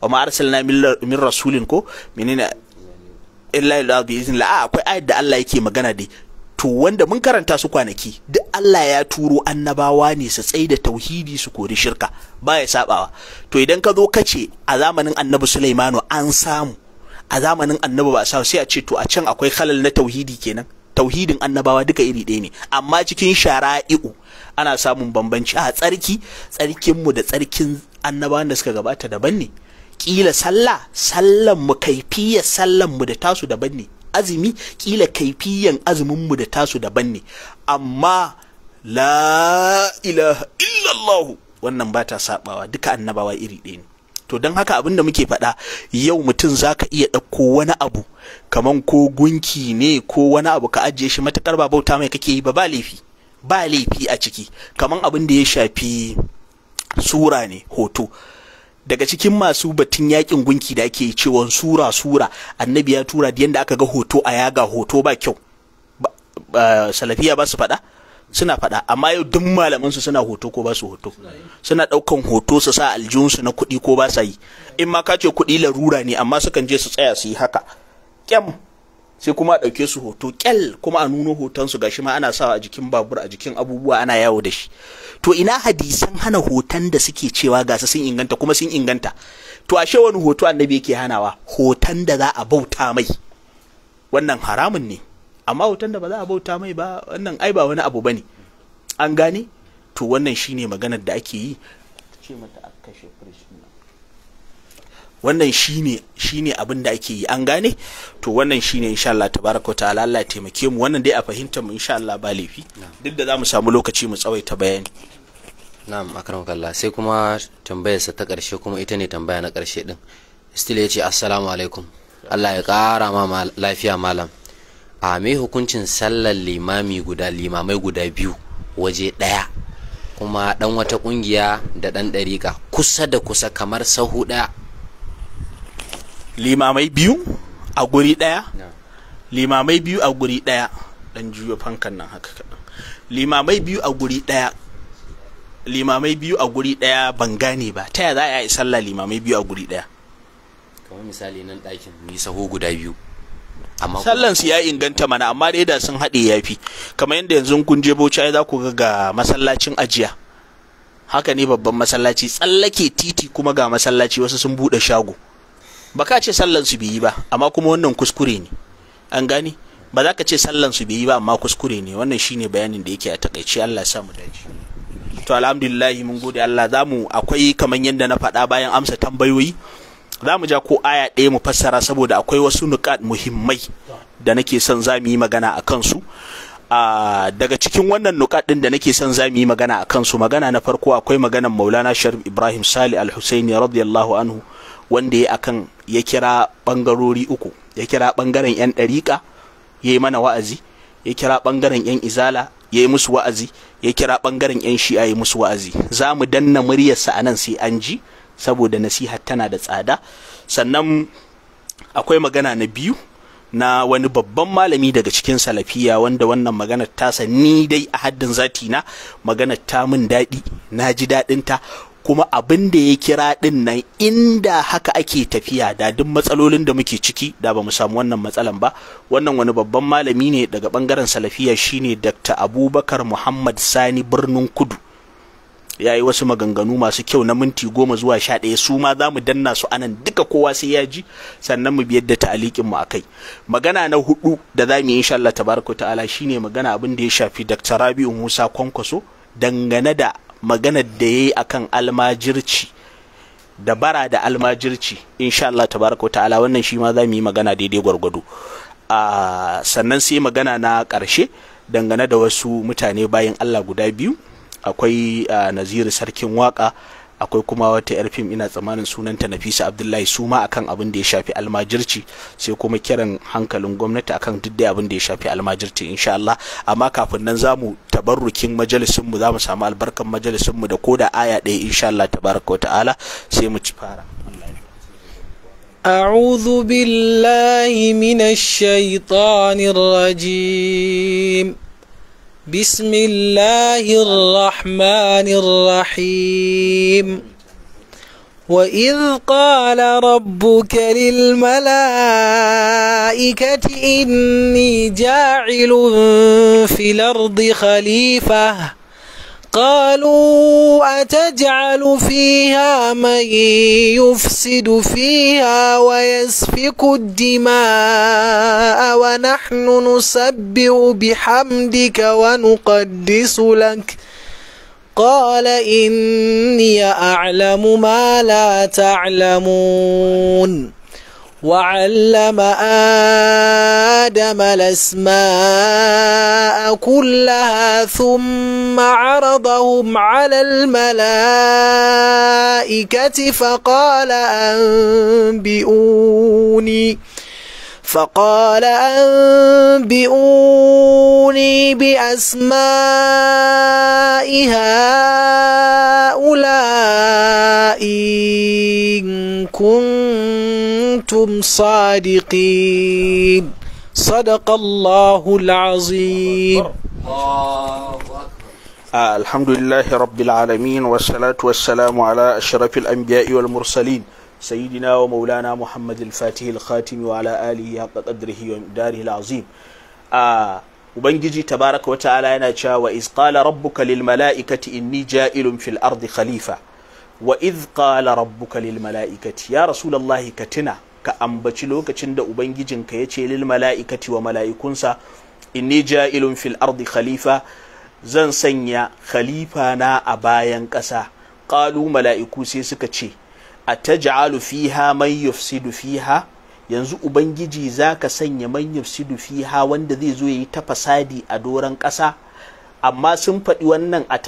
wa ma arsalna min rasulin ko menene illa illa bi la akwai ayat da Allah yake magana dai to wanda mun karanta su kwanaki duk Allah ya turo annabawa ne su tsaye da tauhidi su kori shirka ba ya sabawa to idan ka zo ka ce a zamanin annabi Sulaimanu an samu a zamanin annabi ba sai a ce to a can akwai halal na tauhidi kenan tauhidin annabawa duka iri ɗaya ne amma cikin shara'i'u ana samun bambanci a tsarki tsarkinmu da tsarkin annabawan da suka gabata daban ne kila sallah sallan mu kaifiyar sallan mu da tasu daban ne azumi kila kaifiyan azumin mu da tasu daban ne amma la ilaha illallah wannan bata ta sabawa duka annabawa iri ɗaya ne to don haka abin da muke faɗa yau mutum za ka iya ɗauko wani abu kaman ko gunki ne ko wani abu ka ajiye shi matakar ba bauta mai kake yi ba ba laifi ba laifi a ciki kaman abin da ya shafi sura ne hoto daga cikin masu batun yakin gunki da ake cewa sura sura annabi ya tura da yadda aka ga hoto a yaga hoto ba kyau salafiya ba su faɗa suna faɗa amma yau duk malaman su suna hoto ko ba su hoto suna ɗaukan hoto su sa aljihunsu na kuɗi ko ba sa yi in ma ka ce kuɗi larura ne amma sukan je su tsaya su yi haka kyam sai kuma a ɗauke su hoto kyal kuma a nuno hoton su gashi ma ana sawa a jikin babur a jikin abubuwa ana yawo da shi to ina hadisan hana hoton da suke cewa ga su sun inganta kuma sun inganta to ashe wani hoto annabi yake hanawa hoton da za a bauta mai wannan haramun ne amma hoton da ba za a bauta mai ba wannan ai ba wani abu bane an gane to wannan shine maganar da ake yi ce mata kashe wannan shine shine abin da ake yi an gane to wannan shine insha Allah tabaraka ta'ala Allah ya taimake mu wannan dai a fahimtar mu insha Allah ba laifi duk da zamu samu lokaci mu tsawaita bayani na'am akramaka Allah sai kuma tambayar sa ta karshe kuma ita ne tambaya na karshe din still yace assalamu alaikum Allah ya kara ma lafiya malam a mai hukuncin sallar limami guda limamai guda biyu waje ɗaya kuma ɗan wata ƙungiya da ɗan ɗariƙa kusa da kusa kamar sahu ɗaya limamai biyu a guri ɗaya limamai biyu a guri ɗaya ɗan juyo fankan nan haka kaɗan limamai biyu a guri ɗaya limamai biyu a guri ɗaya ban gane ba ta yaya za a yi sallah limamai biyu a guri ɗaya kamar misali nan ɗakin ni sahu guda biyu sallan su ya inganta mana amma dai da sun haɗe fi kamar yadda yanzu kun je Bauchi ai za ku ga ga masallacin ajiya haka ne babban masallaci tsallake titi kuma ga masallaci wasu sun buɗe shago ba ce sallan su biyi ba amma kuma wannan kuskure ne an gane ba za ka ce sallan su biyi ba amma kuskure ne wannan shine bayanin da yake a takaice Allah ya sa mu dace to alhamdulillah mun gode Allah zamu akwai kamar yadda na faɗa bayan amsa tambayoyi za mu ja ko aya ɗaya mu fassara saboda akwai wasu nukat muhimmai da nake son za mu yi magana a kansu daga cikin wannan nukat ɗin da nake son za mu yi magana a kansu magana na farko akwai maganan maulana sharif ibrahim sali al husaini radiyallahu anhu wanda ya akan ya kira bangarori uku ya kira bangaren yan ɗariƙa ya yi mana wa'azi ya kira bangaren yan izala ya yi musu wa'azi ya kira bangaren yan shi'a ya musu wa'azi za mu danna muryarsa a nan sai an ji saboda nasiha tana da tsada sannan akwai magana na biyu na wani babban malami daga cikin salafiya wanda wannan maganar tasa ni dai a haddin zati na magana ta min daɗi na ji daɗinta kuma abin da ya kira ɗin nan inda haka ake tafiya da duk matsalolin da muke ciki da ba mu samu wannan matsalan ba wannan wani babban malami ne daga ɓangaren salafiya shine dr abubakar muhammad sani birnin kudu ya yi wasu maganganu masu kyau na minti goma zuwa sha ɗaya su ma za mu danna su anan duka kowa sai ya ji sannan mu biyar da ta'alikin mu kai magana na hudu da za mu yi insha Allah tabaraka ta'ala shine magana abin da ya shafi Dr. Rabi'u Musa Kwankwaso dangane da maganar da yayi akan almajirci da bara da almajirci insha Allah tabaraka ta'ala wannan shi ma za mu yi magana daidai gwargwado sannan sai magana na ƙarshe dangane da wasu mutane bayan Allah guda biyu akwai naziru sarkin waka akwai kuma wata yar fim ina tsammanin sunanta nafisa abdullahi su ma akan abin da ya shafi almajirci sai kuma kiran hankalin gwamnati akan duk da abin da ya shafi almajirci insha Allah amma kafin nan zamu tabarrukin majalisin mu zamu samu albarkan majalisin mu da koda aya ɗaya insha Allah tabaraka ta'ala sai mu ci fara أعوذ بالله من الشيطان الرجيم بسم الله الرحمن الرحيم وإذ قال ربك للملائكة إني جاعل في الأرض خليفةً قالوا أتجعل فيها من يفسد فيها ويسفك الدماء ونحن نسبح بحمدك ونقدس لك قال إني أعلم ما لا تعلمون وعلم آدم الأسماء كلها ثم عرضهم على الملائكة فقال أنبئوني فقال أنبئوني بأسماء هؤلاء إن كنتم كنتم صادقين صدق الله العظيم آه الحمد لله رب العالمين والصلاة والسلام على أشرف الأنبياء والمرسلين سيدنا ومولانا محمد الفاتح الخاتم وعلى آله قدره وداره العظيم آه، وبنجي تبارك وتعالى ناتشا وإذ قال ربك للملائكة إني جائل في الأرض خليفة وإذ قال ربك للملائكة يا رسول الله كتنا ka ambaci lokacin da ubangijinka ya ce lil mala'ikati wa mala'ikunsa inni ja'ilun fil ardi khalifa zan sanya khalifa na a bayan ƙasa qalu mala'iku sai suka ce ataj'alu fiha man yufsidu fiha yanzu ubangiji zaka sanya man yufsidu fiha wanda zai zo yi ta fasadi a doron ƙasa amma sun faɗi wannan a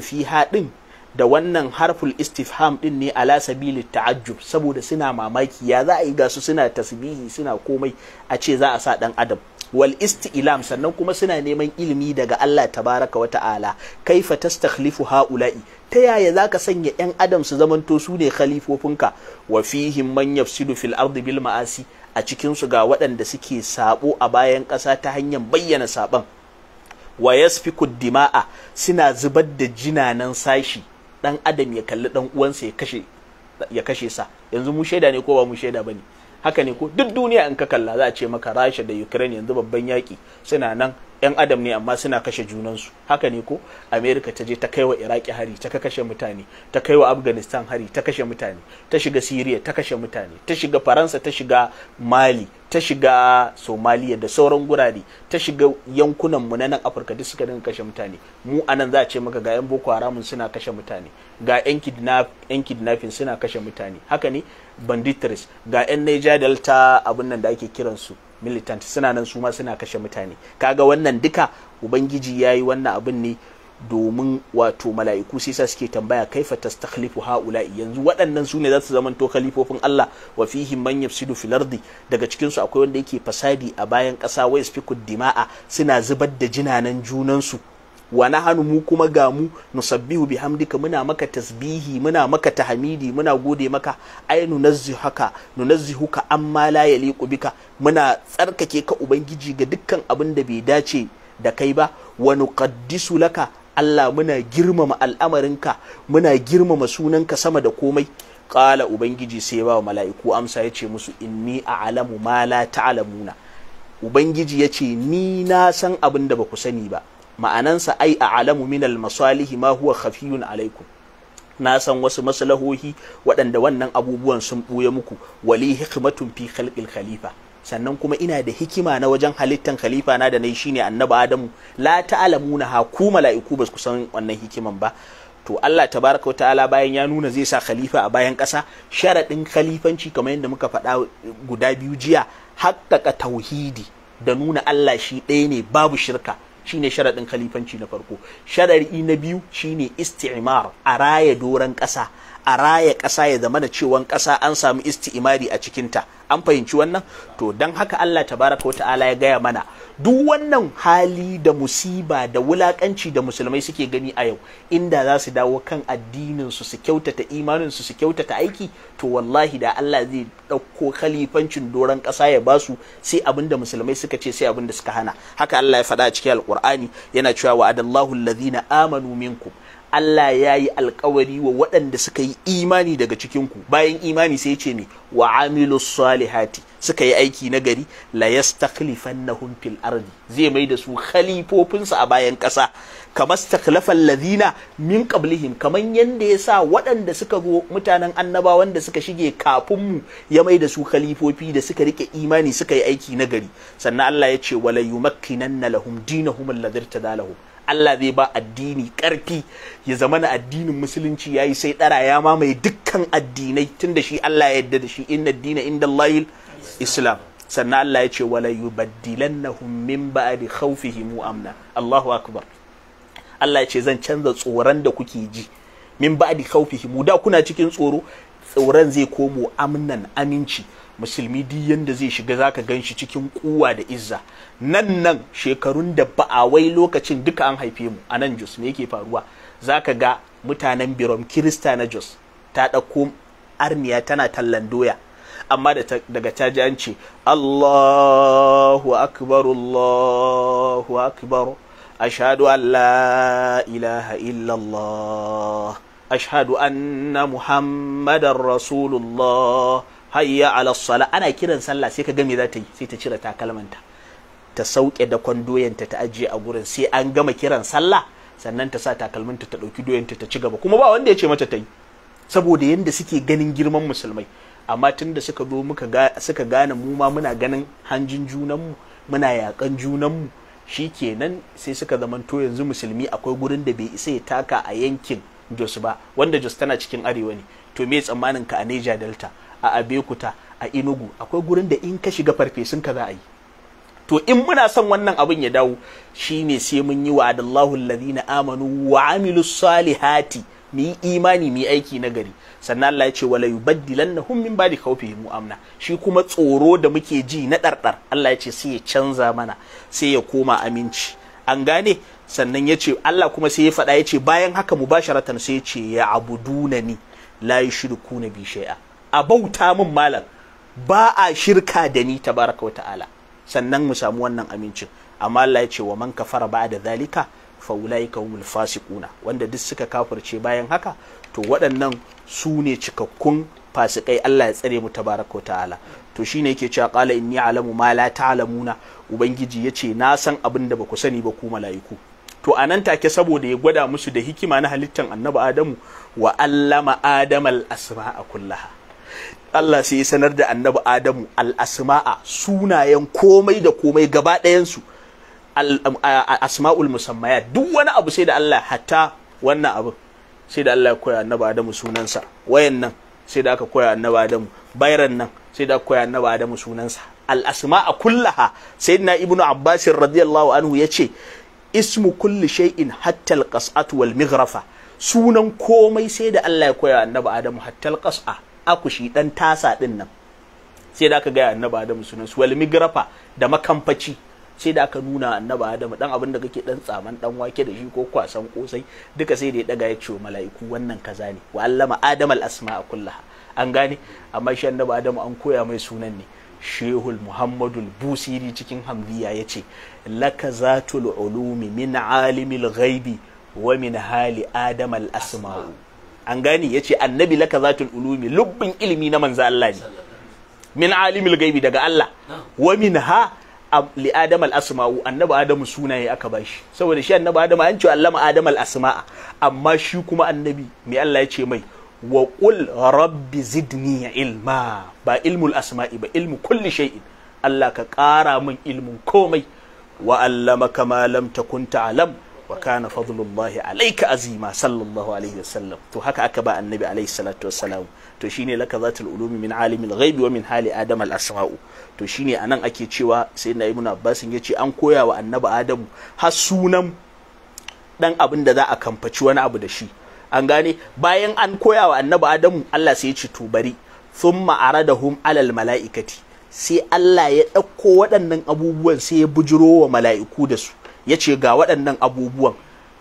fiha ɗin. da wannan harful istifham din ne ala sabilit ta'ajjub saboda suna mamaki ya za a yi gasu suna tasbihi suna komai a ce za a sa dan adam wal isti'lam sannan kuma suna neman ilimi daga Allah tabaraka wa ta'ala kaifa tastakhlifu haula'i ta yaya zaka sanya yan adam su zamanto su ne khalifofinka wa fihim man yafsidu fil ardi bil ma'asi a cikin su ga waɗanda suke sabo a bayan ƙasa ta hanyar bayyana saban wa yasfiku dima'a suna zubar da jinanan sashi dan adam ya kalli dan uwansa ya kashe ya kashe sa yanzu mu shaida ne ko ba mu shaida bane haka ne ko duk duniya in ka kalla za a ce maka rasha da ukraine yanzu babban yaƙi suna nan yan adam ne amma suna kashe junansu haka ne ko america ta je ta kai wa iraki hari ta kashe mutane ta kai wa afghanistan hari ta kashe mutane ta shiga syria ta kashe mutane ta shiga faransa ta shiga mali ta shiga somalia da sauran gurare ta shiga yankunan mu na nan afirka duk suka dinga kashe mutane mu anan za a ce maka ga yan boko haram suna kashe mutane ga yan kidnapping suna kashe mutane haka ne banditris ga 'yan Niger Delta abin nan da ake kiransu militant suna nan su ma suna kashe mutane kaga wannan duka ubangiji ya yi wannan abun ne domin wato mala'iku sai sa suke tambaya kaifa tastakhlifu haula'i yanzu waɗannan su ne za su zamanto khalifofin Allah wa fihi man yafsidu fil ardi daga cikin su akwai wanda yake fasadi a bayan ƙasa wa yasfiku dima'a suna zubar da jinanan junan su wa nahanu mu kuma ga mu nusabbihu bihamdika muna maka tasbihi muna maka tahmidi muna gode maka haka nunazzi huka amma la yaliqu bika muna tsarkake ka ubangiji ga dukkan abin da bai dace da kai ba wa nuqaddisu laka Allah muna girmama al'amarinka muna girmama sunanka sama da komai qala ubangiji sai ba mala'iku amsa yace musu inni a'lamu ma la ta'lamuna ta ubangiji yace ni na san abin da ba ku sani ba ma'anansa ai a a'lamu minal masalihi ma huwa khafiyun alaikum na san wasu maslahohi waɗanda wannan abubuwan sun ɓuya muku wali hikmatun fi khalqil khalifa sannan kuma ina da hikima na wajen halittan khalifa na da nayi shine annabi adamu la ta'lamuna ha ku mala'iku ba su san wannan hikiman ba to Allah tabaraka wa ta'ala bayan ya nuna zai sa khalifa a bayan ƙasa sharaɗin khalifanci kamar yadda muka faɗa guda biyu jiya haƙƙaƙa tauhidi da nuna Allah shi ɗaya ne babu shirka shine sharaɗin kalifanci na farko sharaɗi na biyu shine istimar a raya doron ƙasa a raya ƙasa ya zama da cewan ƙasa an samu isti'imari a cikinta an fahimci wannan to don haka Allah tabaraka wa ta'ala ya gaya mana duk wannan hali da musiba da wulaƙanci da musulmai suke gani a yau inda za su dawo kan addininsu su kyautata imanin su kyautata aiki to wallahi da Allah zai ɗauko khalifancin doron ƙasa ya basu sai abin da musulmai suka ce sai abin da suka hana haka Allah ya faɗa a cikin alƙur'ani yana cewa wa'adallahu allazina amanu minkum Allah ya yi alkawari wa waɗanda suka yi imani daga cikinku bayan imani sai ce me wa amilu salihati suka yi aiki na gari la na fil ardi zai mai da su khalifofinsa a bayan ƙasa kamar stakhlafal ladina min qablihim kamar yadda ya sa waɗanda suka go mutanen annabawan da suka shige kafin mu ya mai da su khalifofi da suka rike imani suka yi aiki na gari sannan Allah ya ce wala yumakkinanna lahum dinahum alladhi Lahum. Allah zai ba addini ƙarfi ya zama na addinin musulunci ya yi sai ɗara ya mamaye dukkan addinai tun da shi Allah ya yadda da shi inna dina inda Allah islam sannan Allah ya ce wala yubaddilannahum min ba'di khawfihim amna Allahu akbar Allah ya ce zan canza tsoron da kuke ji min ba'di khawfihim da kuna cikin tsoro tsoron zai komo amnan aminci musulmi duk yanda zai shiga zaka gan shi cikin kuwa da izza nan nan shekarun da ba a wai lokacin duka an haife mu a nan Jos me yake faruwa zaka ga mutanen Birom Kirista na Jos ta ɗauko arniya tana tallan doya amma daga ta ji an ce Allahu akbar Allahu akbar ashadu an la ilaha illallah anna muhammadar rasulullah hayya ala sala ana kiran sallah sai ka ga za ta yi sai ta cire takalmanta ta sauke da kwandoyanta ta ajiye a gurin sai an gama kiran sallah sannan ta sa takalminta ta ɗauki doyanta ta ci gaba kuma ba wanda ya ce mata ta yi saboda yanda suke ganin girman musulmai amma tunda suka zo suka gane mu ma muna ganin hanjin junanmu muna yakan junanmu shi kenan sai suka zamanto yanzu musulmi akwai gurin da bai isa ya taka a yankin jos ba wanda jos tana cikin arewa ne to me tsammanin ka a Niger Delta a abekuta a inugu akwai gurin da in ka shiga farfesun ka za a yi to in muna son wannan abin ya dawo shine sai mun yi wa adallahu alladhina amanu wa amilus salihati mu imani mu aiki na gari sannan Allah ya ce wala yubaddilannahum min ba'di khawfihim amna shi kuma tsoro da muke ji na ɗarɗar Allah ya ce sai ya canza mana sai ya koma aminci an gane sannan ya ce Allah kuma sai ya faɗa ya ce bayan haka mubasharatan sai ya ce ya abudunani dunani la yushrikuna bi shay'a a bauta min malam ba a shirka da ni tabaraka wa ta'ala sannan mu samu wannan amincin amma Allah ya ce wa man kafara ba da zalika fa ulaika humul fasiquna wanda duk suka kafirce bayan haka to waɗannan su ne cikakkun fasikai Allah ya tsare mu tabaraka wa ta'ala to shine yake cewa qala inni alamu ma la ta'lamuna ubangiji yace na san abin da baku sani ba ku mala'iku to anan take saboda ya gwada musu da hikima na halittar annabi Adamu wa allama Adamal asma'a kullaha Allah sai ya sanar da annabi Adamu al-asma'a sunayen komai da komai gaba ɗayansu asma'ul musammaya duk wani abu sai da Allah hatta wannan abu sai da Allah ya koya annabi Adamu sunansa wayan nan sai da aka koya annabi Adamu bayran nan sai da aka koya annabi Adamu sunansa al-asma'a kullaha sayyidina ibnu Abbas radiyallahu anhu yace ismu kulli shay'in hatta al-qas'atu wal mighrafa sunan komai sai da Allah ya koya annabi Adamu hatta al-qas'a akushi dan tasa din nan sai da aka gaya annabi adamu sunan su wal migrafa da makamfaci sai da aka nuna annabi adamu dan abin da kake dan tsaman dan wake da shi ko kwasan kosai duka sai da ya daga ya ce mala'iku wannan kaza ne wa allama al asma'a kullaha an gane amma shi annabi adamu an koya mai sunan ne shehul muhammadul busiri cikin hamdiya ya ce lakazatul ulumi min alimil ghaibi wa min hali adamal asma'u an gani yace annabi laka zatun ulumi lubbin ilimi na manzo Allah ne min alimil gaibi daga Allah wa min ha li adam al asma'u annabi adamu sunaye aka bashi saboda shi annabi adamu an ce allama adam al asma'a amma shi kuma annabi mai Allah ya ce mai wa qul rabbi zidni ilma ba ilmul asma'i ba ilmu kulli shay'in Allah ka kara min ilmin komai wa allama kama lam takun alam wa kana fadlullahi alayka azima sallallahu alaihi wasallam to haka aka ba annabi alaihi salatu wassalam to shine laka zatul ulumi min alimil ghaibi wa min hali adam al asma'u to shine anan ake cewa na ibnu abbas yace an koya wa annabi adamu har sunan dan abin da za a kamfaci wani abu da shi an gane bayan an koya wa annabi adamu Allah sai ya ce to bari thumma aradahum alal mala'ikati sai Allah ya ɗauko waɗannan abubuwan sai ya bujiro wa mala'iku da su ya ce ga waɗannan abubuwan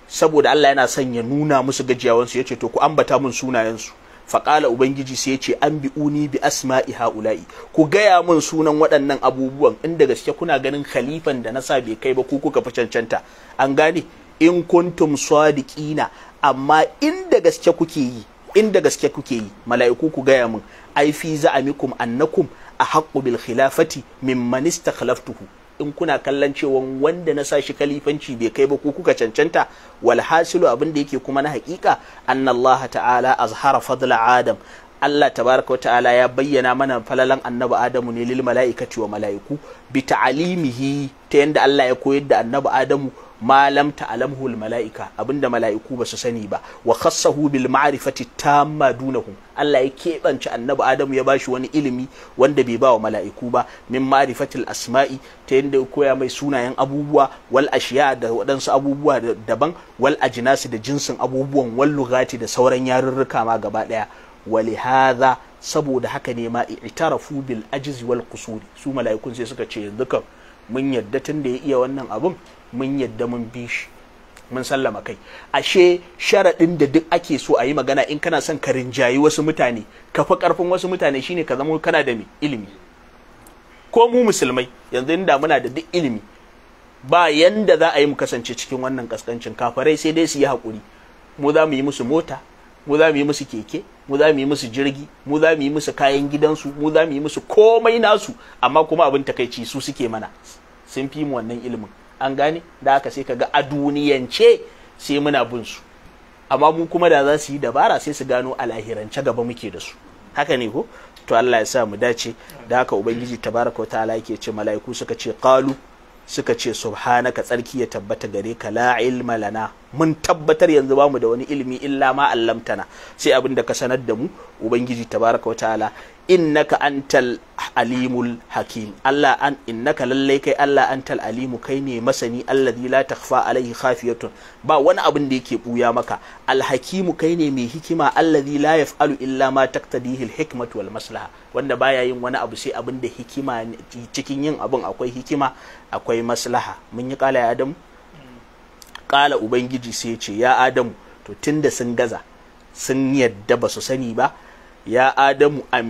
saboda Allah yana son ya nuna musu gajiyawansu ya ce to ku ambata mun sunayensu faƙala ubangiji sai ya ce an bi uni bi asma'i ha'ula'i ku gaya mun sunan waɗannan abubuwan in da gaske kuna ganin khalifan da na sa bai kai ba ko kuka fi cancanta an gane in kuntum sadiqina amma inda gaske kuke yi inda gaske kuke yi mala'iku ku gaya mun ai fi za'amikum annakum a bil khilafati mimman istakhlaftuhu in kuna kallon cewa wanda na sa shi kalifanci bai kai ba ku kuka cancanta walhasilu abin da yake kuma na haƙiƙa annallaha ta'ala azhara fadla adam Allah tabaraka ta'ala ya bayyana mana falalan annabi Adamu ne lil mala'ikati wa mala'iku bi ta'alimihi ta yanda Allah ya koyar da annabi Adamu ma lam ta'lamhu al mala'ika abinda mala'iku basu sani ba wa khassahu bil ma'rifati tamma dunahu Allah ya kebance annabi Adamu ya bashi wani ilimi wanda bai bawa mala'iku ba min ma'rifatil asma'i ta yadda ya koya mai sunayen abubuwa wal ashiya da waɗansu abubuwa daban wal ajinasi da jinsin abubuwan wal lugati da sauran yarurruka ma gaba ɗaya walihadha saboda haka ne ma i'tarafu bil ajzi wal kusuri su mala'ikun sai suka ce yanzu kan mun yadda tun da ya iya wannan abun mun yadda mun bi shi mun sallama kai ashe sharaɗin da duk ake so a yi magana in kana son ka rinjayi wasu mutane ka fi ƙarfin wasu mutane shine ka zama kana da ilimi ko mu musulmai yanzu inda muna da duk ilimi ba yanda za a yi mu kasance cikin wannan kaskancin kafarai sai dai su yi hakuri. mu za mu yi musu mota mu za mu yi musu keke mu za mu yi musu jirgi mu za mu yi musu kayan gidansu mu za mu yi musu komai nasu amma kuma abin takaici su suke mana sun fi mu wannan ilimin an gane da aka sai kaga a duniyance sai muna bin su amma mu kuma da za su yi dabara sai su gano a lahirance gaba muke da su haka ne ko to Allah ya sa mu dace da haka ubangiji tabaraka ta'ala yake ce mala'iku suka ce qalu suka ce subhanaka tsarki ya tabbata gare ka la ilma lana mun tabbatar yanzu bamu da wani ilmi illa ma allamtana sai abin da ka sanar da mu ubangiji tabaraka ta'ala innaka antal alimul hakim Allah an innaka lallai kai Allah antal alimu kai ne masani alladhi la takhfa alaihi khafiyatun ba wani abin da yake buya maka alhakimu kai ne mai hikima alladhi la yaf'alu illa ma taqtadihi hikmatu wal maslaha wanda baya yin wani abu sai abin da hikima cikin yin abun akwai hikima akwai maslaha mun yi kala ya adamu kala ubangiji sai ya ce ya adamu to tunda sun gaza sun yadda ba su sani ba ya adamu an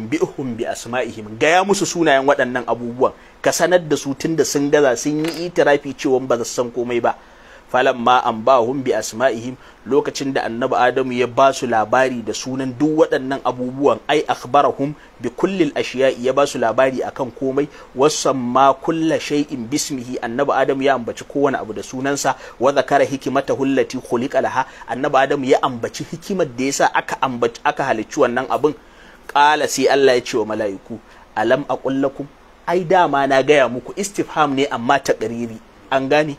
bi asma'ihim gaya musu sunayen waɗannan abubuwan ka sanar da su tunda sun gaza sun yi itirafi cewa ba su san komai ba falan ma an ba hun bi asma'ihim lokacin da annabi adamu ya ba su labari da sunan duk waɗannan abubuwan ai akhbarahum bi kullin ashiya'i ya ba su labari akan komai ma kulla shay'in bismihi annabi adamu ya ambaci kowane abu da sunansa wa zakara hikimata hullati khuliqa laha annabi adamu ya ambaci hikimar da yasa aka ambaci aka halicci wannan abin qala sai Allah ya ce wa mala'iku alam aqul lakum ai dama na gaya muku istifham ne amma taqriri an gane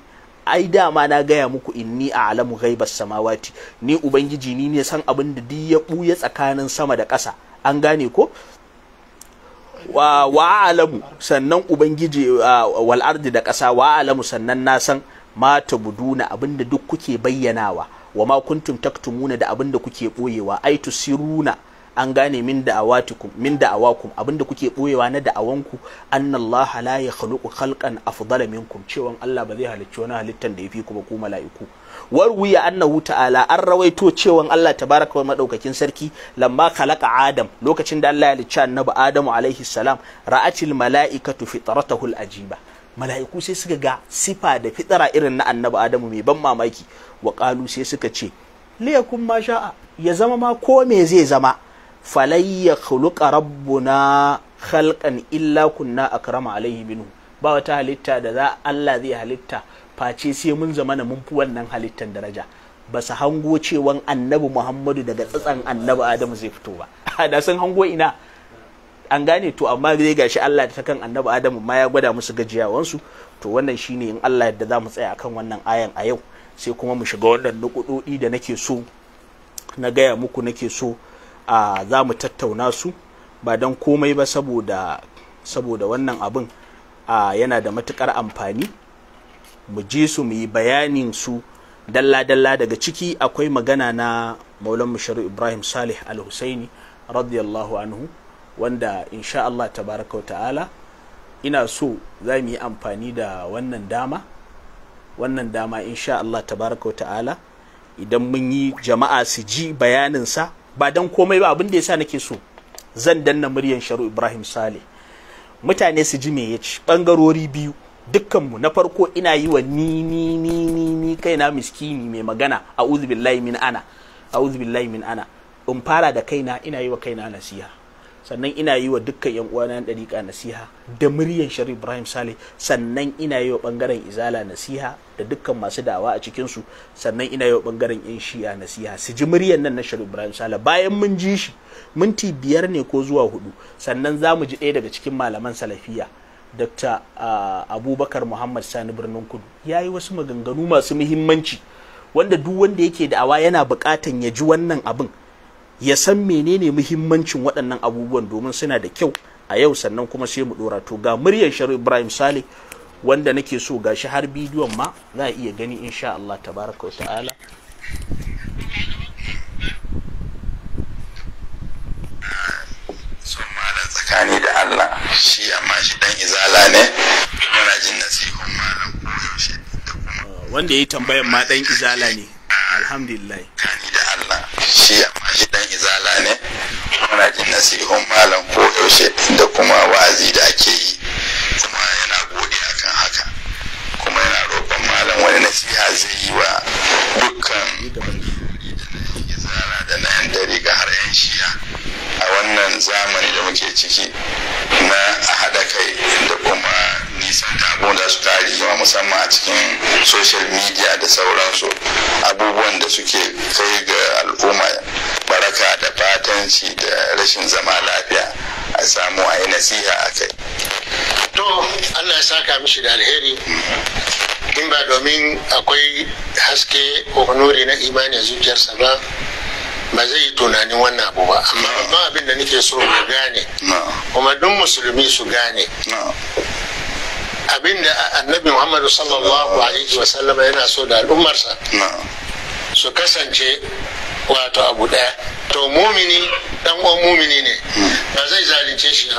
ai dama na gaya muku inni a alamu ghaibas samawati ni ubangiji ni ne san abin da duk ya buya tsakanin sama da ƙasa an gane ko wa wa alamu sannan ubangiji wal ardi da ƙasa wa alamu sannan na san ma buduna abin da duk kuke bayyanawa wa ma kuntum taktumuna da abin da kuke boyewa ai tusiruna an gane min da'awatikum min da'awakum abinda kuke boyewa na da'awanku annallaha la yakhluqu khalqan afdala minkum cewa Allah ba zai halicci wani halittan da yafi ku ba ku mala'iku warwiya annahu ta'ala an rawaito cewa Allah tabaraka wa madaukakin sarki lamma khalaqa adam lokacin da Allah ya halicci annabi adamu alaihi salam ra'atil mala'ikatu fitratahu alajiba mala'iku sai suka ga sifa da fitara irin na annabi adamu mai ban mamaki wa qalu sai suka ce liyakum ma sha'a ya zama ma ko me zai zama falayya khuluqa rabbuna khalqan illa kunna akrama alaihi minhu ba wata halitta da za Allah zai halitta face sai mun zama na mun fi wannan halittan daraja ba su hango cewan annabi Muhammadu daga tsatsan annabi Adamu zai fito ba da sun hango ina an gane to amma zai gashi Allah ta kan annabi Adamu ma ya gwada musu gajiyawansu to wannan shine in Allah yadda za mu tsaya akan wannan ayan a yau sai kuma mu shiga waɗannan kuɗoɗi da nake so na gaya muku nake so a za mu tattauna su ba don komai ba saboda wannan abin a yana da matukar amfani mu je su mu yi bayanin su dalla-dalla daga ciki akwai magana na maulan musharu ibrahim salih al-husaini radiyallahu anhu wanda insha Allah tabaraka ta'ala ina so za mu yi amfani da wannan dama wannan dama insha Allah tabaraka wa ta'ala idan mun yi jama'a su ji bayaninsa ba don komai ba abinda da sa nake so zan danna muryan sharu ibrahim sale mutane su ji me ya ci bangarori biyu dukkanmu na farko ina yi wa ni ni ni ni ni kaina miskini mai magana a billahi min ana in fara da kaina ina yi wa kaina nasiha sannan ina yi wa dukkan yan uwana yan dariƙa nasiha da muryan shari ibrahim sale sannan ina yi wa bangaren izala nasiha da dukkan masu da'awa a cikin su sannan ina yi wa bangaren yan shi'a nasiha su ji muryan nan na shari ibrahim sale bayan mun ji shi minti biyar ne ko zuwa hudu sannan za mu ji ɗaya daga cikin malaman salafiya dr abubakar muhammad sani birnin kudu ya yi wasu maganganu masu muhimmanci wanda duk wanda yake da'awa yana buƙatan ya ji wannan abin ya san menene muhimmancin waɗannan abubuwan domin suna da kyau a yau sannan kuma sai mu dora to ga muryar Sharu Ibrahim Sale wanda nake so gashi har bidiyon ma za a iya gani insha Allah tabaraka wa ta'ala tsakani da Allah shi amma shi dan izala ne muna jin nasihun malam ko yaushe wanda ya tambayan ma dan izala ne alhamdulillah ni da Allah shi amma shi dan izala ne muna jin nasihun malam ko yaushe da kuma wa'azi da ake yi kuma yana gode akan haka kuma yana roƙon malam wani nasiha zai yi wa dukkan izala da na yan dare ga har yan shiya a wannan zamani da muke ciki na a haɗa kai da kuma nisan da abubuwan da su tari yawa musamman a cikin social media da sauransu abubuwan da suke kai ga al'umma baraka da fatanci da rashin zama lafiya a samu a yi nasiha a kai to allah ya saka mishi da alheri in ba domin akwai haske ko nuri na imani a zuciyarsa ba ba zai yi tunanin wannan abu ba amma babban abin da nake so ya gane kuma duk musulmi su gane abin da annabi muhammadu sallallahu alaihi sallama yana so da al'ummarsa su kasance wato abu daya to mumini dan uwan mumini ne hmm. ba zai zalunce shi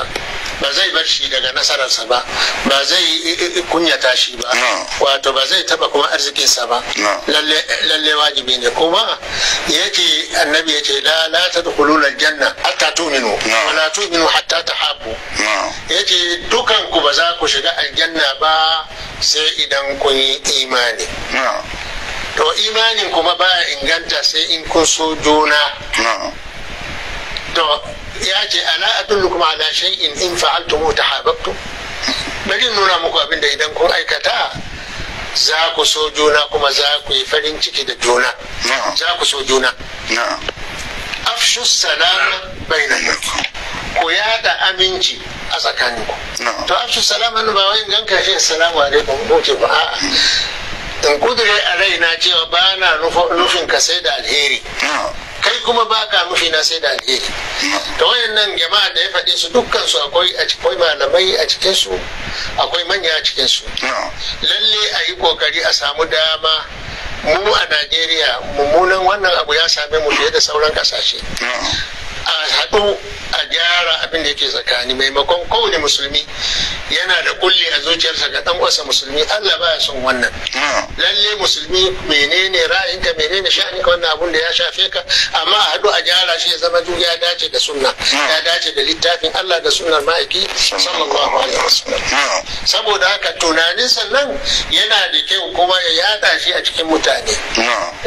ba zai bar shi daga nasararsa ba ba zai kunyata shi ba wato ba zai taba kuma arzikinsa ba lalle wajibi ne kuma yake annabi yake la la da janna hatta tu'minu wa la tu'minu hatta tahabbu yake dukan ku ba za ku shiga aljanna ba sai idan kun yi imani to imanin kuma ba inganta sai in kun so juna ya ce ala adullukum ala shay'in in fa'altumu tahabbtum bari nuna muku abin da idan kun aikata za ku so juna kuma za ku yi farin ciki da juna za ku so juna afshu salama bainakum ku yada aminci a tsakaninku to afshu salama ba wai ganka shi assalamu alaikum ko ce ba a'a in kudure a raina cewa ba na nufin ka sai da alheri kai kuma baka nufi na sai da alheri to wayannan jama'a da ya faɗe su dukkan su akwai cikin malamai a cikin su akwai manya a cikin su lalle a yi kokari a samu dama mu a Najeriya mummunan wannan abu ya same mu fiye da sauran kasashe a haɗu a gyara abin da yake tsakani maimakon kowane musulmi yana da kulli a zuciyarsa ga ɗan uwansa musulmi Allah baya son wannan lalle musulmi menene ra'ayinka menene ka wannan abun da ya shafe ka amma a haɗu a gyara shi ya zama duk ya dace da sunna ya dace da littafin Allah da sunnar ma'aiki sallallahu alaihi wasallam saboda haka tunanin sannan yana da kyau kuma ya yada shi a cikin mutane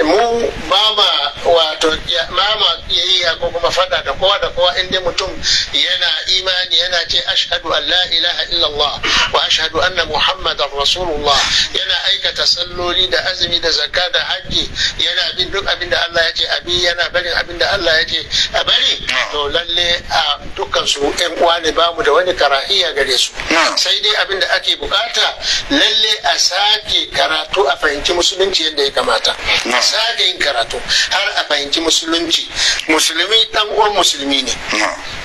mu ba ma wato ma yayi ko kuma fada da kowa da kowa in dai mutum yana imani yana ce ashhadu an la ilaha illallah wa ashhadu anna muhammadan rasulullah yana aikata salloli da azumi da zakka da hajji yana bin duk abin da Allah ya ce abi yana barin abin da Allah ya ce a bari to lalle a dukkan yan uwa ne bamu da wani karahiya gare su sai dai abin da ake bukata lalle a sake karatu a fahimci musulunci yadda ya kamata a sake yin karatu har a fahimci musulunci musulmi dan uwan musulmi ne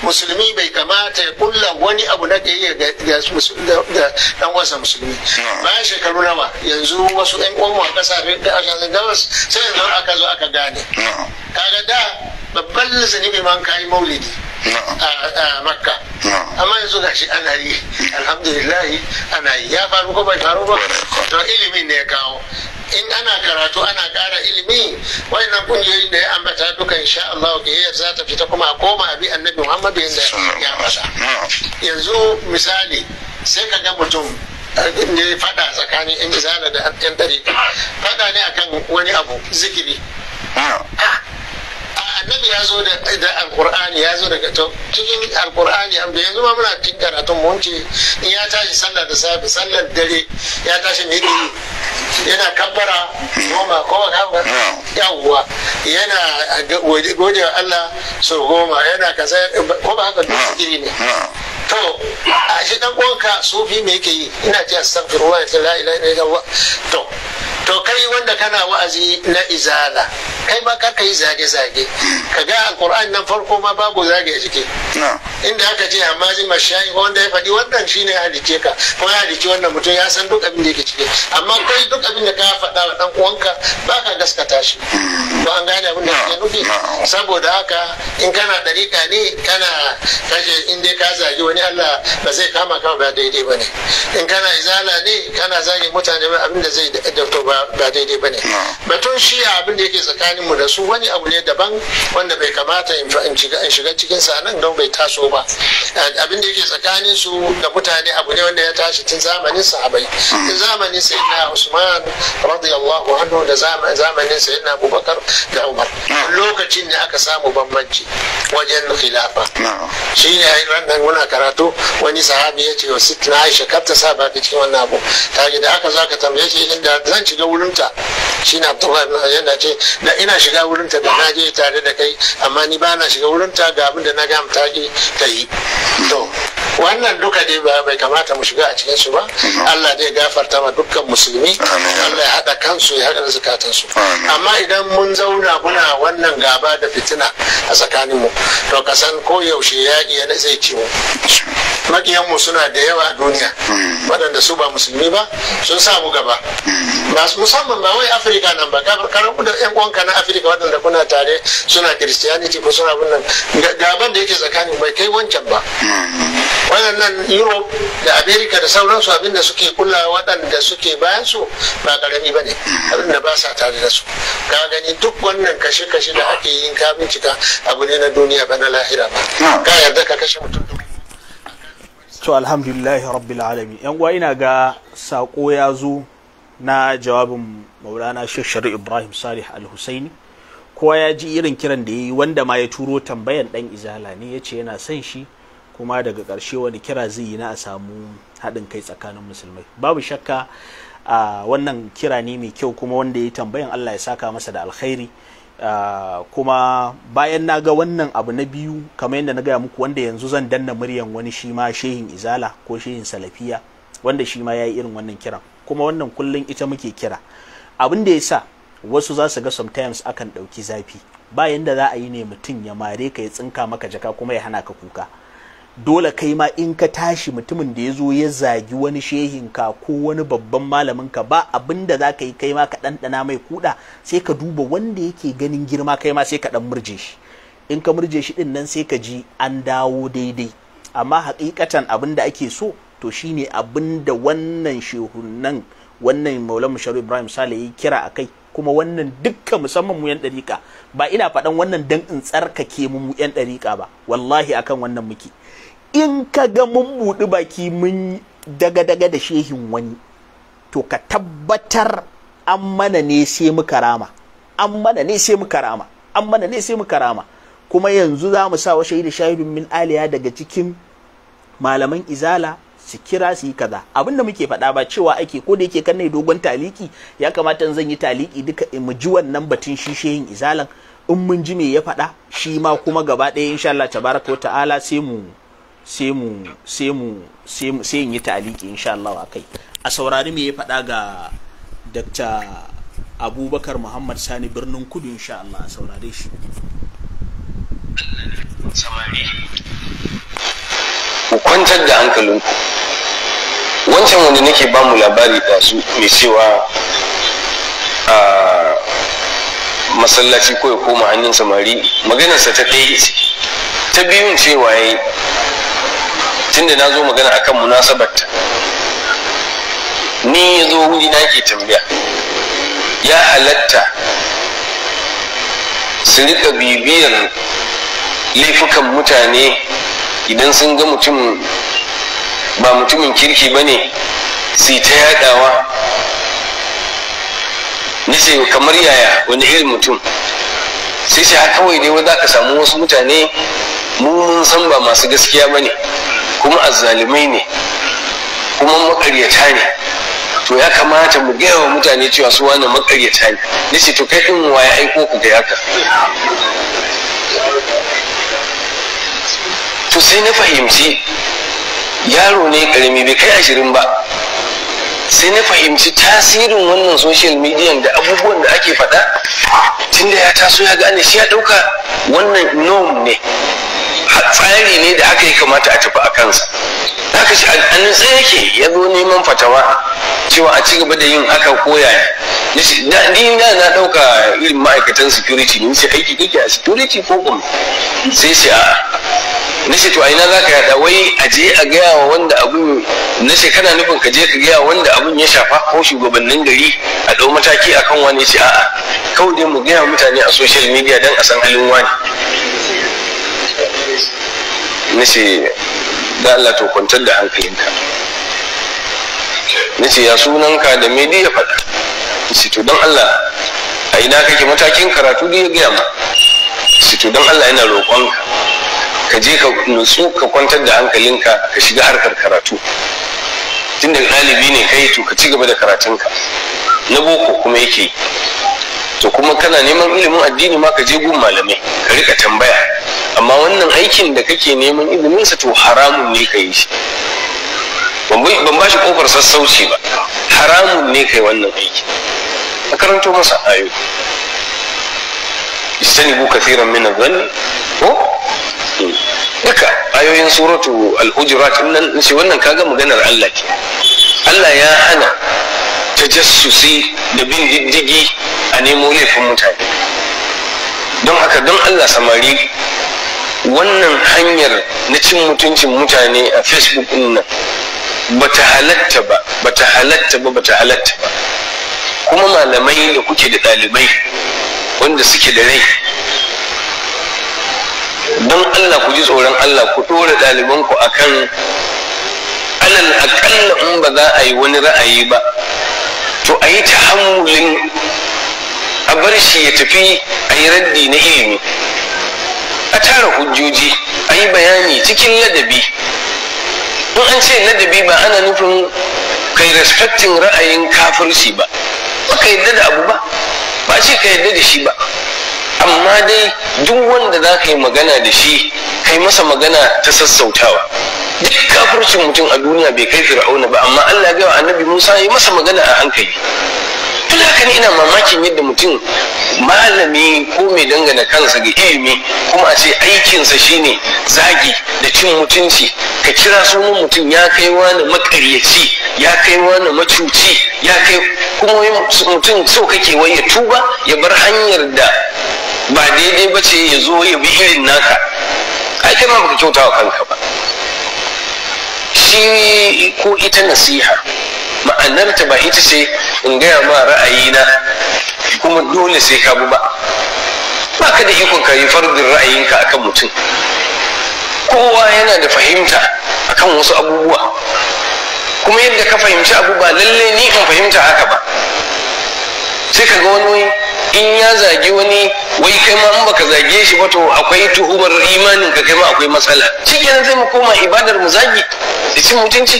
musulmi bai kamata ya kulla wani abu na gayya ga dan wasa musulmi bayan shekaru nawa yanzu wasu yan uwanmu a kasashen gabas sai yanzu aka zo aka gane kaga da babban zunubi man kayi maulidi a makka amma yanzu shi ana yi alhamdulillah ana yi ya faru ko bai faru ba to ilimi ne ya kawo in ana karatu ana ƙara ilimi wannan kungiyoyi da ya ambata duka sha Allah biyayyar za ta fita kuma a koma a abi annabi Muhammad yanda ya faɗa yanzu misali sai ka ga mutum ne faɗa tsakanin yan izala da yan ɗari faɗa ne akan wani abu zikiri ah. Ah, annabi ya zo da alkur'ani ya zo daga cikin alkur'ani da yanzu ma muna cikin karatun mun ce in ya tashi sallar da safe sallar dare ya tashi ne yana kabbara goma ko kabbara yawwa yana gode Allah so goma yana kaza ko ba haka duk ne to a shi dan uwanka sufi me yake yi ina ji astaghfirullah la ilaha illallah to to kai wanda kana wa'azi na izala kai ma ka yi zage-zage ka ga nan farko ma babu zage a jiki inda aka ce amma zai mashayi wanda ya faɗi wannan shine ya halice ka ko ya halice wannan mutum ya san duk abin da yake ciki amma kai duk abin da ka faɗa wa dan uwanka ba ka gaskata shi Ko an gane abin da ke nufi saboda haka in kana dariƙa ne kana kashe in dai ka zagi wani Allah ba zai kama ka ba daidai ba ne, in kana izala ne kana zagin mutane ba abin da zai dauto ba daidai ba ne batun shiya abin da yake tsakanin mu da su wani abu ne daban wanda bai kamata in shiga cikin sa nan don bai taso ba abin da yake tsakanin su da mutane abu ne wanda ya tashi tun zamanin sahabai mm. tun zamanin sayyidina Usman radiyallahu anhu da zamanin sayyidina Abubakar da Umar lokacin ne aka samu bambanci wajen khilafa shi ai ran muna karatu karatu wani sahabi ya ce wa na aisha kar ta sa baki cikin wannan abu ta da aka za ka tambaye shi inda zan shiga wurinta shi na abdullahi yana ce na ina shiga wurinta da na je tare da kai amma ni ba na shiga wurinta ga abin da na ga ta ki ta yi to wannan duka dai bai kamata mu shiga a cikin su ba Allah zai gafarta ma dukkan musulmi Allah ya haɗa kansu ya haɗa zakatun su amma idan mun zauna muna wannan gaba da fitina a tsakanin mu to kasan ko yaushe yaƙi ya zai ci su makiyanmu suna da yawa a duniya mm. waɗanda su ba musulmi ba sun samu gaba mm. masu musamman ba wai afirka nan ba karamu da yan kwanka na afirka waɗanda kuna tare suna Kiristiyaniti ko suna wannan gaban da yake tsakanin bai kai wancan ba mm. waɗannan europe da america da sauransu abinda suke kula waɗanda suke bayan su ba karami ba ne abinda ba sa tare da su ka gani duk wannan kashe-kashe da ake yin ka bincika abu ne na duniya ba na lahira ba ka yarda ka kashe mutum to alhamdulillahi rabbil alamin yan uwa ina ga sako ya zo na jawabin maulana shek shari ibrahim salih al husaini kowa ya ji irin kiran da ya yi wanda ma ya turo tambayan dan izala ne ya ce yana son shi kuma daga karshe wani kira zai yi na a samu haɗin kai tsakanin musulmai babu shakka a wannan kira ne mai kyau kuma wanda ya yi tambayan allah ya saka masa da alkhairi Ah, kuma bayan na ga wannan abu na biyu kamar yadda na gaya muku wanda yanzu zan danna muryan wani shi ma shehin izala ko shehin salafiya wanda shi ma ya yi irin wannan kiran kuma wannan kullum ita muke kira abin da ya sa wasu za su ga sometimes akan ɗauki zafi bayan da za a yi ne mutum ya mare ka ya tsinka maka jaka kuma ya hana ka kuka dole kai ma in ka tashi mutumin da ya zo ya zagi wani shehinka ko wani babban malaminka ba abin da za ka yi kai ma ka ɗanɗana mai kuɗa sai ka duba wanda yake ganin girma kai ma sai ka ɗan murje shi in ka murje shi ɗin nan sai ka ji an dawo daidai amma haƙiƙatan abin da ake so to shine abin da wannan shehunan wannan maulana sharu ibrahim sale ya kira a kai kuma wannan dukkan musamman mu yan ɗariƙa ba ina faɗan wannan dan in tsarkake mu yan ɗariƙa ba wallahi akan wannan muke in ka ga mun buɗi baki mun daga-daga da shehin wani to ka tabbatar an mana ne sai muka rama an mana ne sai muka rama an mana ne sai muka rama kuma yanzu za mu sa wa shahidun min aliya daga cikin malaman izala su kira su yi kaza abin da muke faɗa ba cewa ake ko da yake kan ne dogon taliki ya kamata zan yi taliki duka in mu ji wannan batun shi shehin izalan in mun ji me ya faɗa shi ma kuma gaba ɗaya insha Allah tabaraka wa ta'ala sai mu sai mu sai mu sai mu sai yi taliki insha Allah kai. a saurari me ya faɗa ga Dr. Abubakar Muhammad Sani birnin Kudu insha Allah a saurare shi ku kwantar da hankalinku wancan wanda nake ba mu labari da su mai cewa a masallaci ko ya koma hannun samari maganarsa ta ɗaya ta biyun cewa ya tunda na zo magana a akan munasabarta ni ya zo wuri na ke tambaya ya halatta su rika bibiyar laifukan mutane idan sun ga mutum ba mutumin kirki ba ne su ta yadawa nace kamar yaya wani irin mutum sai sai kawai dai za ka samu wasu mutane mun san ba masu gaskiya ba ne kuma azzalumai ne kuma makaryata ne to ya kamata mu gaya wa mutane cewa su wani makaryata ne na to kai ɗin wa ya aiko ku ga haka to sai na fahimci yaro ne karami bai kai ashirin ba sai na fahimci tasirin wannan social media da abubuwan da ake faɗa tunda ya taso ya gane shi ya ɗauka wannan nom ne tsari ne da aka yi kamata a tafi a kansa haka shi an yake ya zo neman fatawa cewa a ci gaba da yin aka koya ne ni na na ɗauka irin ma'aikatan security ne sai aiki kake a security ko kuma sai shi a na ce to a ina za ka yada wai a je a gaya wa wanda abu na ce kana nufin ka je ka gaya wa wanda abun ya shafa ko shugabannin gari a ɗau mataki akan wani shi a'a kawai dai mu gaya mutane a social media don a san halin wani na ce da Allah to kwantar da hankalinka na ce ya sunanka da me ya faɗa ce to don Allah a ina kake matakin karatu da ya gaya ma ce to don Allah yana roƙonka ka je ka nutsu ka kwantar da hankalinka ka shiga harkar karatu tunda ɗalibi ne kai to ka ci gaba da karatunka na boko kuma yake to kuma kana neman ilimin addini ma ka je gun malamai ka rika tambaya amma wannan aikin da kake neman izinin sa to haramun ne ka yi shi ban ba shi kofar sassauci ba haramun ne kai wannan aiki a karanto masa ayo istanibu kathiran min adh ko hmm. duka ayoyin suratu al-hujurat nan ce wannan kaga maganar Allah ke Allah ya hana tajassusi da bin diddigi a nemo laifin mutane don haka don Allah samari wannan hanyar na cin mutuncin mutane a facebook din nan bata halatta ba bata halatta ba bata halatta ba kuma malamai da kuke da ɗalibai wanda suke da rai don allah ku ji tsoron allah ku ɗora ɗalibanku a kan alal akalla in ba za a yi wani ra'ayi ba to a yi ta a bar shi ya tafi a yi raddi na ilimi a tara hujjoji a yi bayani cikin ladabi in an ce ladabi ba ana nufin kai respecting ra'ayin kafirci ba ba ka yadda da abu ba ba ce ka yadda da shi ba amma dai duk wanda za ka yi magana da shi kai masa magana ta sassautawa duk kafircin mutum a duniya bai kai fir'auna ba amma allah ya annabi musa ya yi masa magana a hankali da haka ne ina mamakin yadda mutum malami ko mai dangana kansa ga ilimi kuma a ce aikinsa shine zagi da cin mutunci ka kira sunan mutum ya kai wani makaryaci ya kai wani macuci ya kai kuma mutum so kake wai ya tuba ya bar hanyar da ba daidai ba ce ya zo ya bi irin naka ai kai ma baka kyauta wa kanka ba shi ko ita nasiha ma'anarta ba ita ce in gaya ma ra'ayina kuma dole sai ka bi ba ba ka da ikon ka yi fardin ra'ayinka akan mutum kowa yana da fahimta akan wasu abubuwa kuma yadda ka fahimci abu ba lalle ni in fahimta haka ba sai ka ga wani in ya zagi wani wai kai ma in baka zage shi ba to akwai tuhumar imanin ka kai ma akwai matsala shi zai mu koma ibadar mu zagi da cin mutunci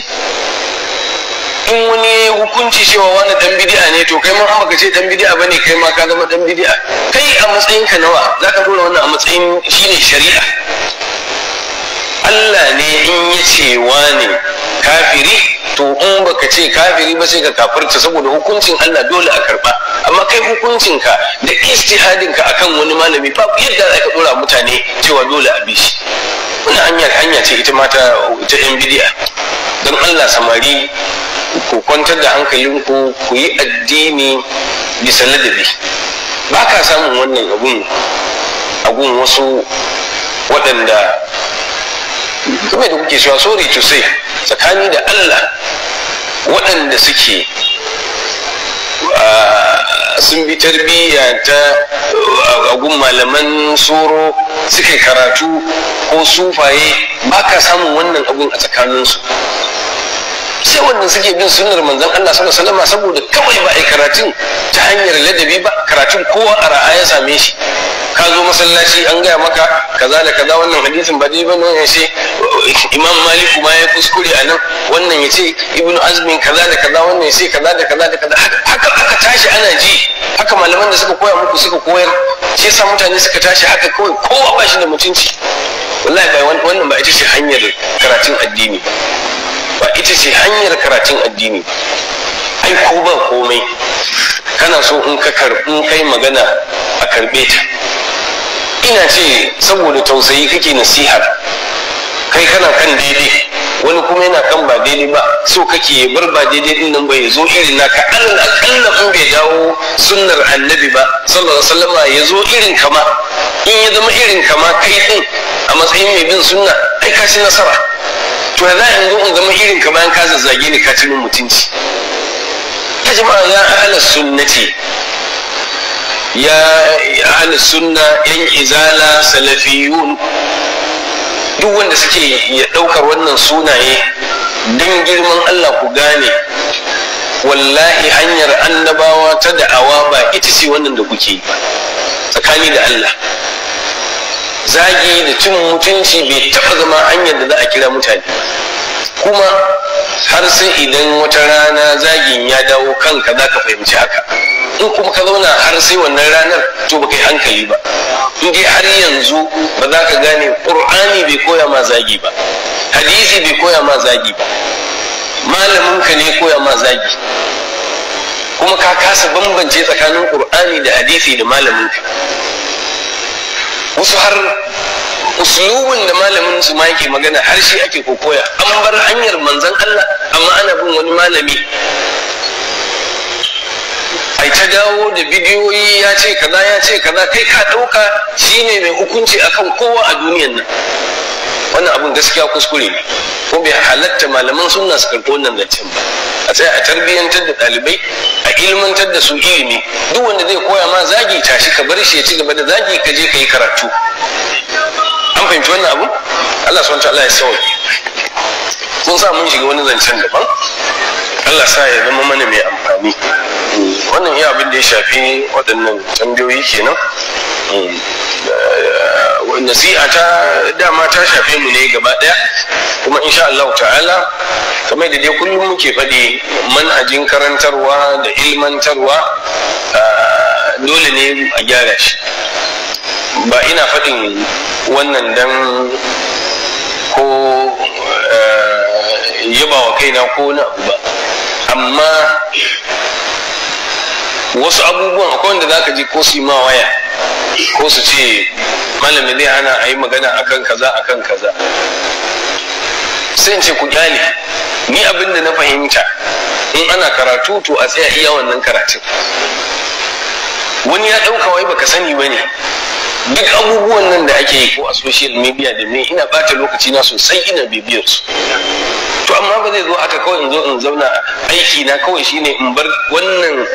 in wani ya hukunci cewa wani dan ne to kai ma amma ka ce dan bane kai ma ka zama dan bidi'a kai a matsayin ka nawa zaka dora wannan a matsayin shine shari'a Allah ne in ya ce wani kafiri to in baka ce kafiri ba sai ka kafirta saboda hukuncin Allah dole a karba amma kai hukuncin ka da istihadin ka akan wani malami fa yadda zaka dora mutane cewa dole a bi shi wannan hanya hanya ce ita ma ta ta yan bidi'a don Allah samari ku kwantar da hankalinku ku yi addini bisa ladabi ba ka samun wannan abun abun wasu waɗanda kuma da kuke cewa sorry to sai tsakani da allah waɗanda suke sun bi tarbiyya ta agun malaman tsoro suke karatu ko sufaye ba ka samun wannan abun a tsakaninsu sai wanda suke bin sunnar manzon Allah sallallahu alaihi wasallam saboda kawai ba ai karatun ta hanyar ladabi ba karatun kowa a ra'aya same shi ka zo masallaci an gaya maka kaza da kaza wannan hadisin ba dai ba ne yace imam maliku ma ya kuskure a nan wannan ya ce ibnu azmin kaza da kaza wannan ya kaza da kaza da kaza haka aka tashi ana ji haka malaman da suka koya muku suka koyar shi sa mutane suka tashi haka kawai kowa ba shi da mutunci wallahi ba wannan ba ita ce hanyar karatun addini ba ba ita ce hanyar karatun addini ai ko ba komai kana so in ka kai magana a karɓe ta ina ce saboda tausayi kake nasihar kai kana kan daidai wani kuma yana kan ba daidai ba so kake ya bar ba daidai din nan ba ya zo irin naka Allah kalla in bai dawo sunnar annabi ba sallallahu alaihi wasallam ya zo irin kama in ya zama irin kama kai din a matsayin mai bin sunna ai ka ci nasara to za in zo in zama irin ka bayan ka zazzage ni ka ci min mutunci ya jama'a ya ala sunnati ya ala sunna yan izala salafiyun duk wanda suke ya daukar wannan sunaye don girman Allah ku gane wallahi hanyar annabawa ta da'awa ba ita ce wannan da kuke tsakani da Allah zagi da cin mutunci bai taɓa zama hanyar da za a kira mutane kuma har sai idan wata rana zagin ya dawo kanka za ka fahimci haka in kuma ka zauna har sai wannan ranar to ba kai hankali ba in dai har yanzu ba za ka gane ƙur'ani bai koya ma zagi ba hadisi bai koya ma zagi ba malamin ka ne koya ma zagi kuma ka kasa bambance tsakanin ƙur'ani da hadisi da malamin ka wasu har uslubin da malamin su ma yake magana har shi ake kokoya an bar hanyar manzan Allah amma ana bin wani malami ai ta dawo da bidiyoyi ya ce kaza ya ce kaza kai ka ɗauka shine mai hukunci akan kowa a duniyar nan wannan abun gaskiya kuskure ne ko bai halatta malaman sunna su karɓi wannan zancen ba a tsaya a tarbiyyantar da ɗalibai a ilmantar da su ilimi duk wanda zai koya ma zagi tashi ka bar shi ya ci gaba da zagi ka je ka yi karatu an fahimci wannan abu Allah subhanahu allah ya sauki Kun sa mun shiga wani zancen daban Allah sa ya zama mana mai amfani wannan iya abin da ya shafi waɗannan tambayoyi kenan hmm. eh, Nasi'a ta dama ta shafe mu ne gaba daya kuma insha Allah ta'ala kamar da dai kullum muke faɗi manhajin karantarwa da ilmantarwa ah, dole ne a gyara shi ba ina faɗin wannan dan ko eh, yaba wa kaina ko na ba amma wasu abubuwan akwai wanda zaka ji ko su yi ma waya ko su ce malami zai hana a yi magana akan kaza akan kaza sai in ce ku kyale ni abin da na fahimta in ana karatu to a tsaya iya wannan karatun wani ya ɗauka wai baka sani ba ne duk abubuwan nan da ake yi ko a social media da me ina bata lokaci na sosai ina bibiyar su to amma ba zai zo aka kawai in zo in zauna aiki na kawai shine in bar wannan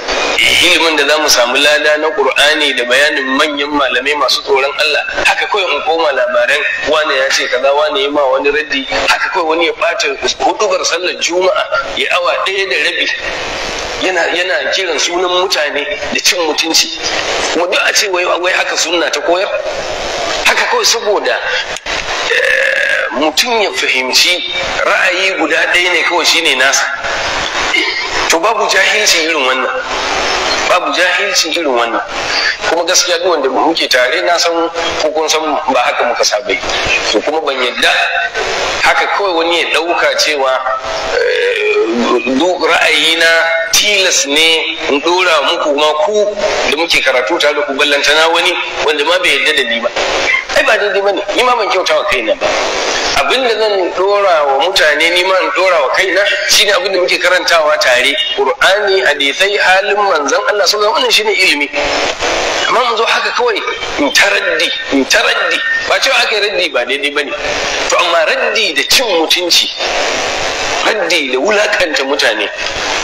ilimin da zamu samu lada na qur'ani da bayanin manyan malamai masu tsoron Allah haka kawai in koma labaran wani ya ce kaza wani ya ma wani raddi haka kawai wani ya bata hudubar sallar juma'a ya awa ɗaya da rabi yana yana kiran sunan mutane da cin mutunci kuma duk a ce wai haka sunna ta koyar haka kawai saboda eh, mutum ya fahimci ra'ayi guda ɗaya ne kawai shine nasa to babu jahilci irin wannan babu jahilci irin wannan kuma gaskiya duk wanda muke tare na san ko kun san ba haka muka saba to kuma ban yadda haka kawai wani ya ɗauka cewa eh, duk na. tilas ne in dora muku ma ku da muke karatu tare da ku na wani wanda ma bai yarda da ni ba ai ba daidai bane ni ma ban kyauta wa kaina ba abin da zan dora wa mutane ni ma in dora wa kai kaina shine abin da muke karantawa tare qur'ani hadisai halin manzon Allah sallallahu alaihi wasallam shine ilimi amma mun zo haka kawai in taraddi in taraddi ba cewa aka yi raddi ba daidai bane to amma raddi da cin mutunci raddi da wulakanta mutane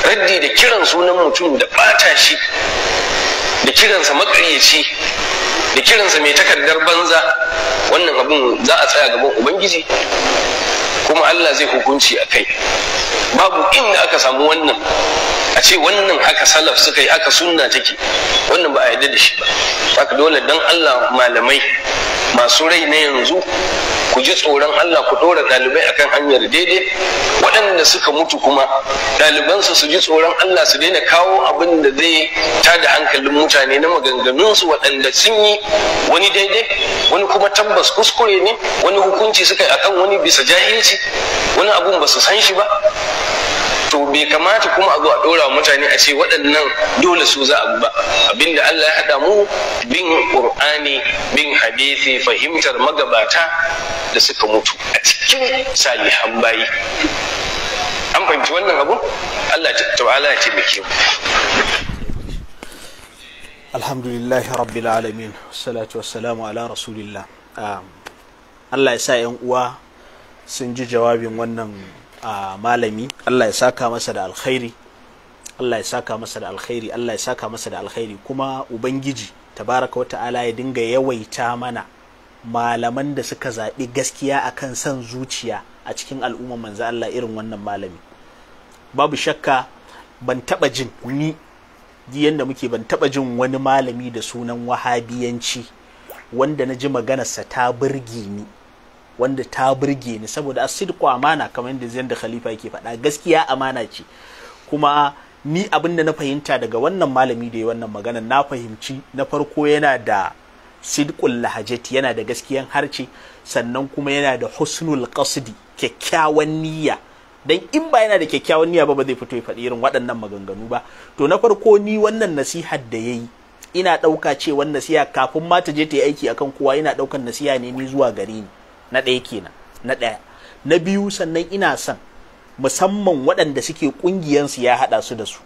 raddi da kiran sunan mutum da ɓata shi da kiransa makaryaci da kiransa mai takardar banza wannan abin za a tsaya gaban ubangiji kuma Allah zai hukunci a kai babu inda aka samu wannan a ce wannan haka salaf suka yi haka sunna take wannan ba a yarda da shi ba haka dole dan Allah malamai masu rai na yanzu ku ji tsoron Allah ku ɗora ɗalibai akan hanyar daidai waɗanda suka mutu kuma ɗalibansu su ji tsoron Allah su daina kawo abin da zai tada hankalin mutane na maganganunsu waɗanda sun yi wani daidai wani kuma tabbas kuskure ne wani hukunci suka yi akan wani bisa jahilci ce wani abun ba su san shi ba to bai kamata kuma a zo a ɗora mutane a ce waɗannan dole su za a ba abinda Allah ya haɗa mu bin ƙur'ani bin hadisi fahimtar magabata da suka mutu a cikin salihan bayi an fahimci wannan abun Allah ta'ala ya taimake mu alhamdulillahi rabbil alamin salatu wassalamu ala rasulillah ah, Allah ya sa 'yan uwa sun ji jawabin wannan malami Allah ya saka masa da alkhairi Allah ya saka masa da alkhairi Allah ya saka masa da alkhairi kuma ubangiji tabaraka wa ta'ala ya dinga yawaita mana malaman da suka zaɓi gaskiya akan son zuciya a cikin al'umma manzo Allah irin wannan malami babu shakka ban taba jin ni yanda muke ban taba jin wani malami da sunan wahabiyanci wanda na ji maganarsa ta burge ni wanda ta burge ni saboda asidku amana kamar yadda zai da khalifa yake faɗa gaskiya amana ce kuma ni abin da na fahimta daga wannan malami da ya wannan magana na fahimci na farko yana da sidkun lahajati yana da gaskiyan harce sannan kuma yana da husnul qasdi kyakkyawan niyya dan in ba yana da kyakkyawan niyya ba ba zai fito ya faɗi irin waɗannan maganganu ba to na farko ni wannan nasihar da yayi ina ɗauka ce wannan nasiha kafin ma ta je ta yi aiki akan kowa ina ɗaukan nasiha ne ni zuwa gare ni na ɗaya kenan na ɗaya na biyu sannan ina son musamman waɗanda suke ƙungiyansu ya haɗa su da su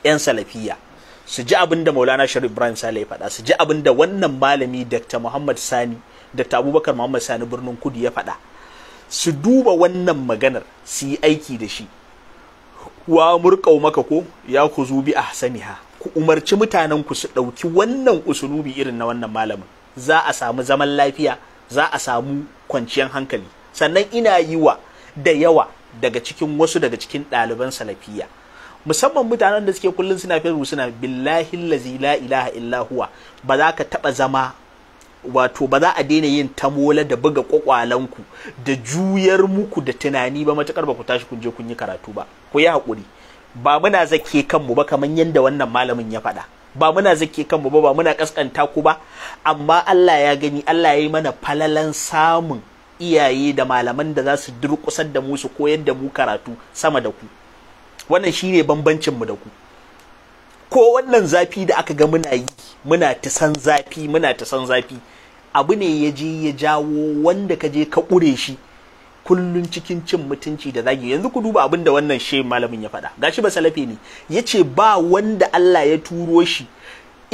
'yan salafiya su ji abin da maulana sharif ibrahim sale ya faɗa su ji abin da wannan malami dr muhammad sani dr abubakar muhammad sani birnin kudu ya faɗa su duba wannan maganar su yi aiki da shi wa murƙau maka ko ya ku zubi a ha ku umarci mutanen ku su ɗauki wannan usulubi irin na wannan malamin za a samu zaman lafiya za a samu kwanciyar hankali sannan ina yi wa da yawa daga cikin wasu daga cikin ɗaliban salafiya musamman mutanen da suke kullum suna fesbuk suna billahi lazi la ilaha illa huwa ba za ka taɓa zama wato ba za a daina yin tamola da buga kwakwalanku da juyar muku da tunani ba matukar ba ku tashi kun je kun yi karatu ba ku yi haƙuri ba muna zake kanmu ba kamar yadda wannan malamin ya faɗa ba muna zake kanmu ba ba muna kaskanta ku ba amma Allah ya gani Allah ya yi mana falalan samun iyaye da malaman da za su durƙusar da mu su koyar da mu karatu sama da ku wannan shine bambancin mu da ku ko wannan zafi da aka ga muna yi muna ta san zafi muna ta san zafi abu ne ya je ya jawo wanda ka je ka ƙure shi kullun cikin cin mutunci da zagi yanzu ku duba abin da wannan shehu malamin ya faɗa gashi ba salafi ne yace ba wanda Allah ya turo shi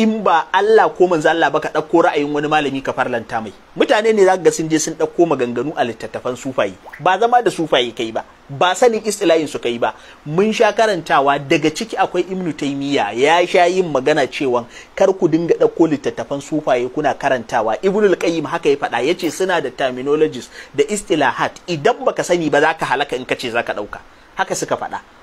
in ba Allah ko manzo Allah ba ka ɗauko ra'ayin wani malami ka farlanta mai mutane ne zaka ga sun je sun ɗauko maganganu a littattafan sufayi ba zama da sufayi kai ba ba sanin istilahin su kai ba mun sha karantawa daga ciki akwai ibnu taymiya ya sha yin magana cewa kar ku dinga ɗauko littattafan sufaye kuna karantawa ibnu qayyim haka ya faɗa yace suna da terminologies da istilahat idan baka sani ba zaka halaka in kace zaka ɗauka haka suka faɗa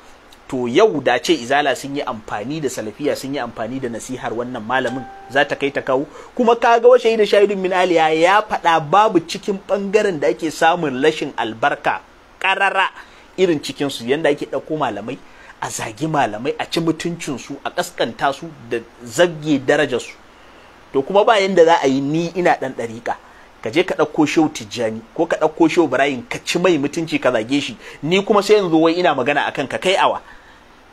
to yau da ce izala sun yi amfani da salafiya sun yi amfani da nasihar wannan malamin za ta kai ta kawo kuma kaga wa shahidu shahidun min aliya ya faɗa babu cikin ɓangaren da ake samun lashin albarka ƙarara irin cikin su yanda ake ɗauko malamai a zagi malamai a ci mutuncin su a ƙasƙanta su da zabge darajar su to kuma ba yanda za a yi ni ina ɗan ɗariƙa ka je ka ɗauko shehu tijjani ko ka ɗauko shehu Ibrahim, ka ci mai mutunci ka zage shi ni kuma sai yanzu wai ina magana akan ka kai awa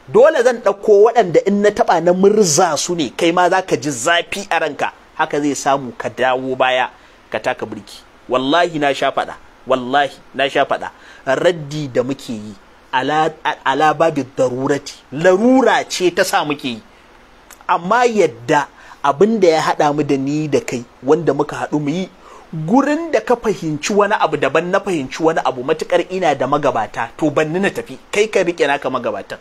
dole zan ɗauko waɗanda in na taɓa na murza su ne kai ma za ka ji zafi a ranka haka zai samu ka dawo baya ka taka birki wallahi na sha faɗa wallahi na sha faɗa raddi da muke yi ala babi darurati larura ce ta sa muke yi amma yadda abin da ya haɗa mu da ni da kai wanda muka haɗu mu yi gurin da ka fahimci wani abu daban na fahimci wani abu matukar ina da magabata to banni na tafi kai ka riƙe naka magabatan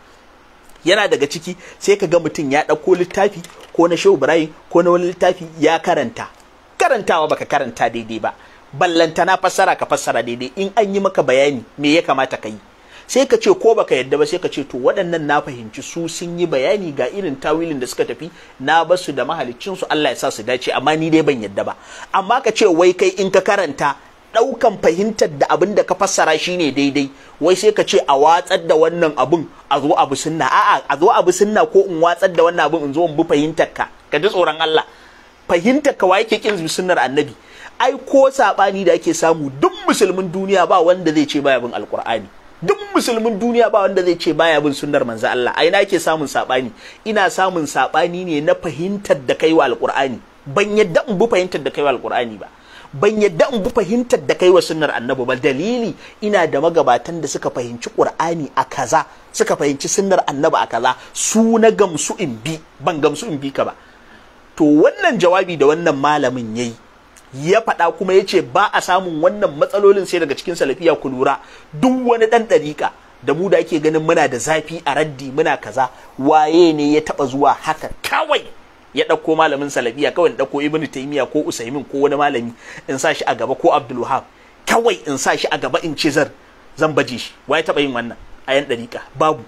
yana daga ciki sai ka ga mutum ya ɗauko littafi ko na shehu ibrahim ko na wani littafi ya karanta karantawa baka karanta daidai ba na fassara ka fassara daidai in an yi maka bayani me ya kamata ka yi sai ka ce ko baka yadda ba sai ka ce to waɗannan na fahimci su sun yi bayani ga irin tawilin da suka tafi na basu da mahaliccinsu su Allah ya sa su dace amma ni dai ban yadda ba amma ka ce wai kai in ka karanta ɗaukan fahimtar da abin da ka fassara shine daidai wai sai ka ce a watsar da wannan abin a zo abu sunna a'a a zo abu sunna ko in watsar da wannan abin in zo in bi fahimtar ka ka ji tsoron Allah fahimtar ka waye ke kin sunnar annabi ai ko sabani da ake samu duk musulmin duniya ba wanda zai ce baya bin alqur'ani duk musulmin duniya ba wanda zai ce baya bin sunnar manzo Allah ai na ke samun sabani ina samun sabani ne na fahimtar da kai wa alqur'ani ban yadda in bi fahimtar da kai wa alqur'ani ba ban yadda in bi fahimtar da kai wa sunnar annabi ba dalili ina da magabatan da suka fahimci qur'ani a kaza suka fahimci sunnar annabi a kaza su na gamsu in bi ban gamsu in bi ka ba to wannan jawabi da wannan malamin yayi ya faɗa kuma ya ce ba a samun wannan matsalolin sai daga cikin salafiya ku lura duk wani ɗan ɗariƙa da mu da ake ganin muna da zafi a raddi muna kaza waye ne ya taɓa zuwa haka kawai ya ɗauko malamin salafiya kawai in ɗauko ibnu taymiya ko usaimin ko wani malami in sa shi a gaba ko abdul kawai in sa shi a gaba in ce zar zan baje shi wa ya taɓa yin wannan a yan ɗariƙa babu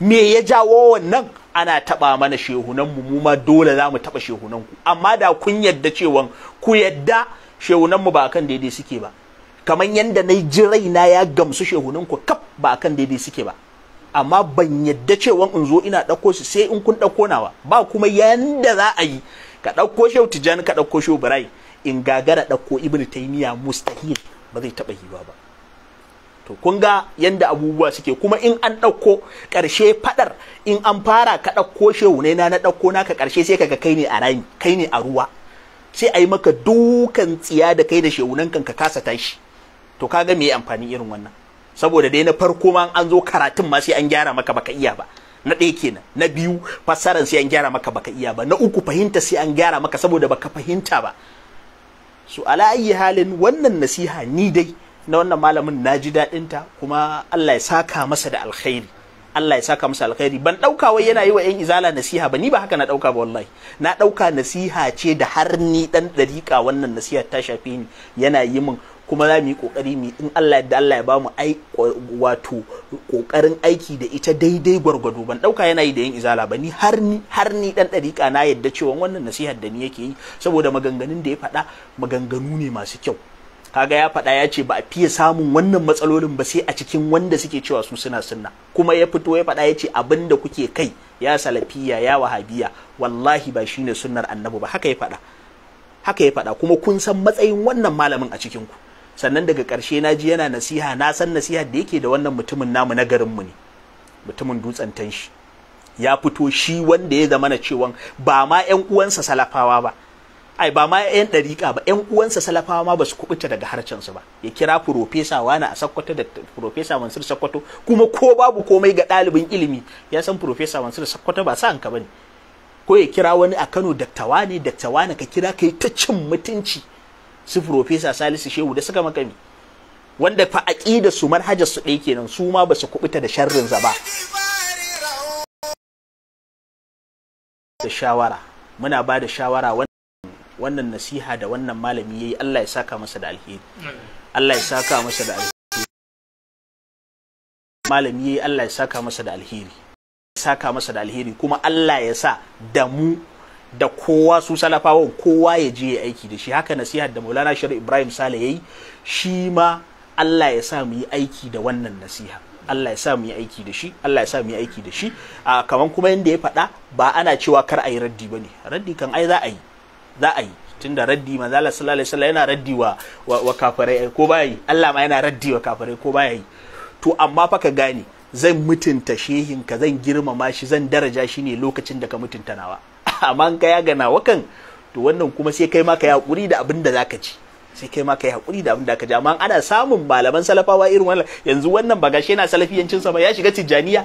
me ya jawo wannan ana taɓa mana shehunan mu ma dole za mu taɓa shehunan ku amma da kun yadda cewa ku yadda shehunan mu ba kan daidai suke ba kamar yadda na ji raina ya gamsu shehunan ku kaf ba akan daidai suke ba amma ban yadda cewa in zo ina ɗauko shi sai in kun ɗauko nawa ba kuma yanda za a yi ka ɗauko shehu ka ɗauko shi in gagara ɗauko ibn taimiyya mustahil ba zai taɓa yiwa ba to kun ga yanda abubuwa suke kuma in an ɗauko ƙarshe faɗar in an fara ka ɗauko shi ne na na ɗauko naka ƙarshe sai kaga kai ne a rami kai ne a ruwa sai a yi maka dukan tsiya da kai da shehunan kan ka kasa tashi to kaga me amfani irin wannan saboda dai na farko ma an zo karatun ma sai an gyara maka baka iya ba na ɗaya kenan na biyu fassaran sai an gyara maka baka iya ba na uku fahimta sai an gyara maka saboda baka fahimta ba su ala ayi halin wannan nasiha ni dai na wannan malamin na ji daɗin ta kuma Allah ya saka masa da alkhairi Allah ya saka masa alkhairi ban ɗauka wai yana yi wa 'yan izala nasiha ba ni ba haka na ɗauka ba wallahi na ɗauka nasiha ce da har ni ɗan ɗariƙa wannan nasiha ta shafe ni yana yi min kuma za mu yi kokari mu in Allah da Allah ya ba mu ai wato kokarin aiki da ita daidai gwargwado ban dauka yana yi da yin izala ba ni har ni har ni dan dariƙa na yadda cewa wannan nasihar da ni yake yi saboda maganganun da ya faɗa maganganu ne masu kyau kaga ya faɗa ya ce ba a fiye samun wannan matsalolin ba sai a cikin wanda suke cewa su suna sunna kuma ya fito ya faɗa ya ce abin da kuke kai ya salafiya ya wahabiya wallahi ba shine sunnar annabi ba haka ya faɗa haka ya faɗa kuma kun san matsayin wannan malamin a cikin ku sannan daga ƙarshe na ji yana nasiha na san nasiha da yake da wannan mutumin namu na garinmu ne mutumin dutsen tanshi ya fito shi wanda ya zama na cewa ba ma 'yan uwansa salafawa ba ai ba ma 'yan ɗariƙa ba 'yan uwansa salafawa ma ba su kubuta daga su ba ya kira Profesa wani a sakkwato da profesa mansur sakkwato kuma ko babu komai ga ɗalibin ilimi ya san Profesa mansur sakkwato ba sa hanka ba ne ko ya kira wani a kano daktawa ne daktawa ne ka kira ka ta cin mutunci su profesa salisu shehu da suka makami wanda fa aqida su manhajar su ɗaya kenan su ma ba su kubuta da sharrin za ba da shawara muna ba da shawara wannan nasiha da wannan malami yayi Allah ya saka masa da alheri Allah ya saka masa da alheri malami yayi Allah ya saka masa da alheri saka masa da alheri kuma Allah ya sa da mu da kowa su salafawa kowa ya je ya aiki da shi haka nasihar da maulana shari ibrahim sale ya yi shi ma allah ya sa mu yi aiki da wannan nasiha allah ya sa mu yi aiki da shi allah ya sa mu yi aiki da shi a kaman kuma yadda ya faɗa ba ana cewa kar a yi raddi ba ne raddi kan ai za a yi za a yi tunda raddi ma Allah sallallahu yana raddi wa wa, kafirai eh, ko ba yi allah ma yana raddi wa kafirai ko ba yi to amma fa ka gane zan mutunta shehin ka zan girmama shi zan daraja shi ne lokacin da ka mutunta nawa amma ka ya gana wakan to wannan kuma sai kai ma ka yi hakuri da abin da zaka ci sai kai ma ka yi hakuri da abin da ka ji amma ana samun malaman salafawa irin wannan yanzu wannan ba gashi yana salafiyancin sa ba ya shiga tijjaniya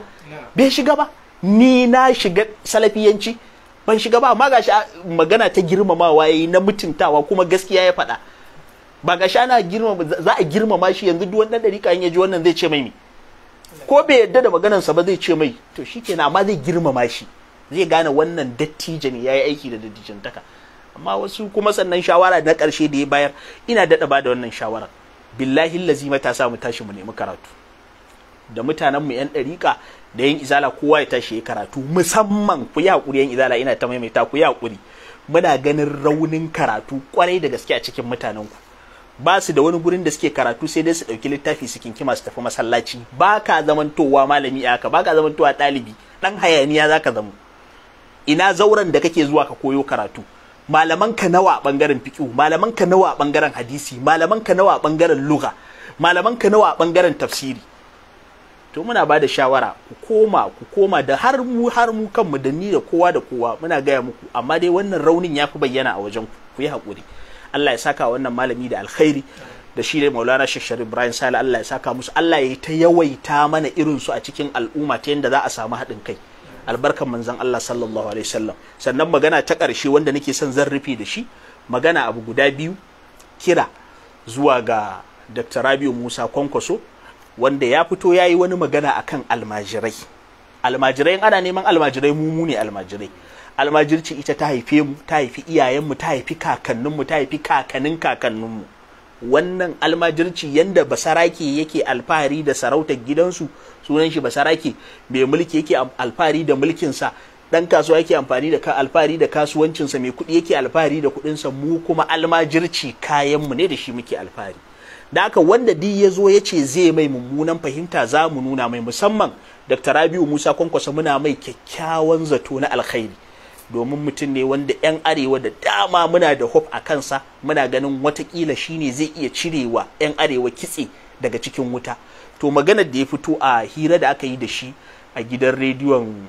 bai shiga ba ni na shiga salafiyanci ban shiga ba amma gashi magana ta girmamawa yayi na mutuntawa kuma gaskiya ya faɗa ba ga ana girmama za a girmama shi yanzu duk wannan dariƙa in ya ji wannan zai ce mai ko bai yadda da maganarsa ba zai ce mai to shikenan amma zai girmama shi zai gane wannan dattijo ne yi aiki da dattijan taka amma wasu kuma sannan shawara na karshe da ya bayar ina daɗa ba da wannan shawarar billahi lazi sa mu tashi mu nemi karatu da mutanen mu yan ɗariƙa da yan izala kowa ya tashi ya karatu musamman ku yi haƙuri yan izala ina ta maimaita ku yi hakuri. muna ganin raunin karatu kwarai da gaske a cikin mutanen ku ba su da wani gurin da suke karatu sai dai su ɗauki littafi su kinkima su tafi masallaci ba ka zamantowa malami a ba ka zamantowa ɗalibi ɗan hayaniya za ka zama ina zauren da kake zuwa ka koyo karatu Malamanka nawa a bangaren fiqh Malamanka nawa a bangaren hadisi Malamanka nawa a bangaren lugha Malamanka nawa a bangaren tafsiri to muna ba da shawara ku koma ku koma da har mu har mu kanmu da ni da kowa da kowa muna gaya muku amma dai wannan raunin ya fi bayyana a wajen ku ku yi haƙuri Allah ya saka wannan malami da alkhairi da shi ne Maulana Sheikh Ibrahim Sale Allah ya saka musu Allah ya ta yawaita mana irin su a cikin al'umma ta yadda za a samu haɗin kai albarkan manzon Allah sallallahu alaihi wasallam sannan magana ta ƙarshe wanda nake son zan rufe da shi magana abu guda biyu kira zuwa ga Dr. Rabiu Musa Kwankwaso wanda ya fito ya yi wani magana akan almajirai almajirai ana neman almajirai mu ne almajirai almajirci ita ta haife mu ta haifi iyayenmu ta haifi kakanninmu ta haifi kakannin kakanninmu wannan almajirci yanda basarake yake alfahari da sarautar gidansu sunan shi basarake mai mulki yake alfahari da mulkinsa dan kasuwa yake amfani da alfahari da kasuwancinsa mai kuɗi yake alfahari da kuɗinsa mu kuma almajirci kayanmu ne da shi muke alfahari da haka wanda duk ya zo ya ce zai mai mummunan fahimta za mu nuna mai musamman dr rabiu musa kwankwasa muna mai kyakkyawan zato na alkhairi domin mutum ne wanda 'yan arewa da dama muna da hope a kansa muna ganin watakila shine zai iya cirewa 'yan arewa kitse daga cikin wuta to maganar da ya fito a hira da aka yi da shi a gidan rediyon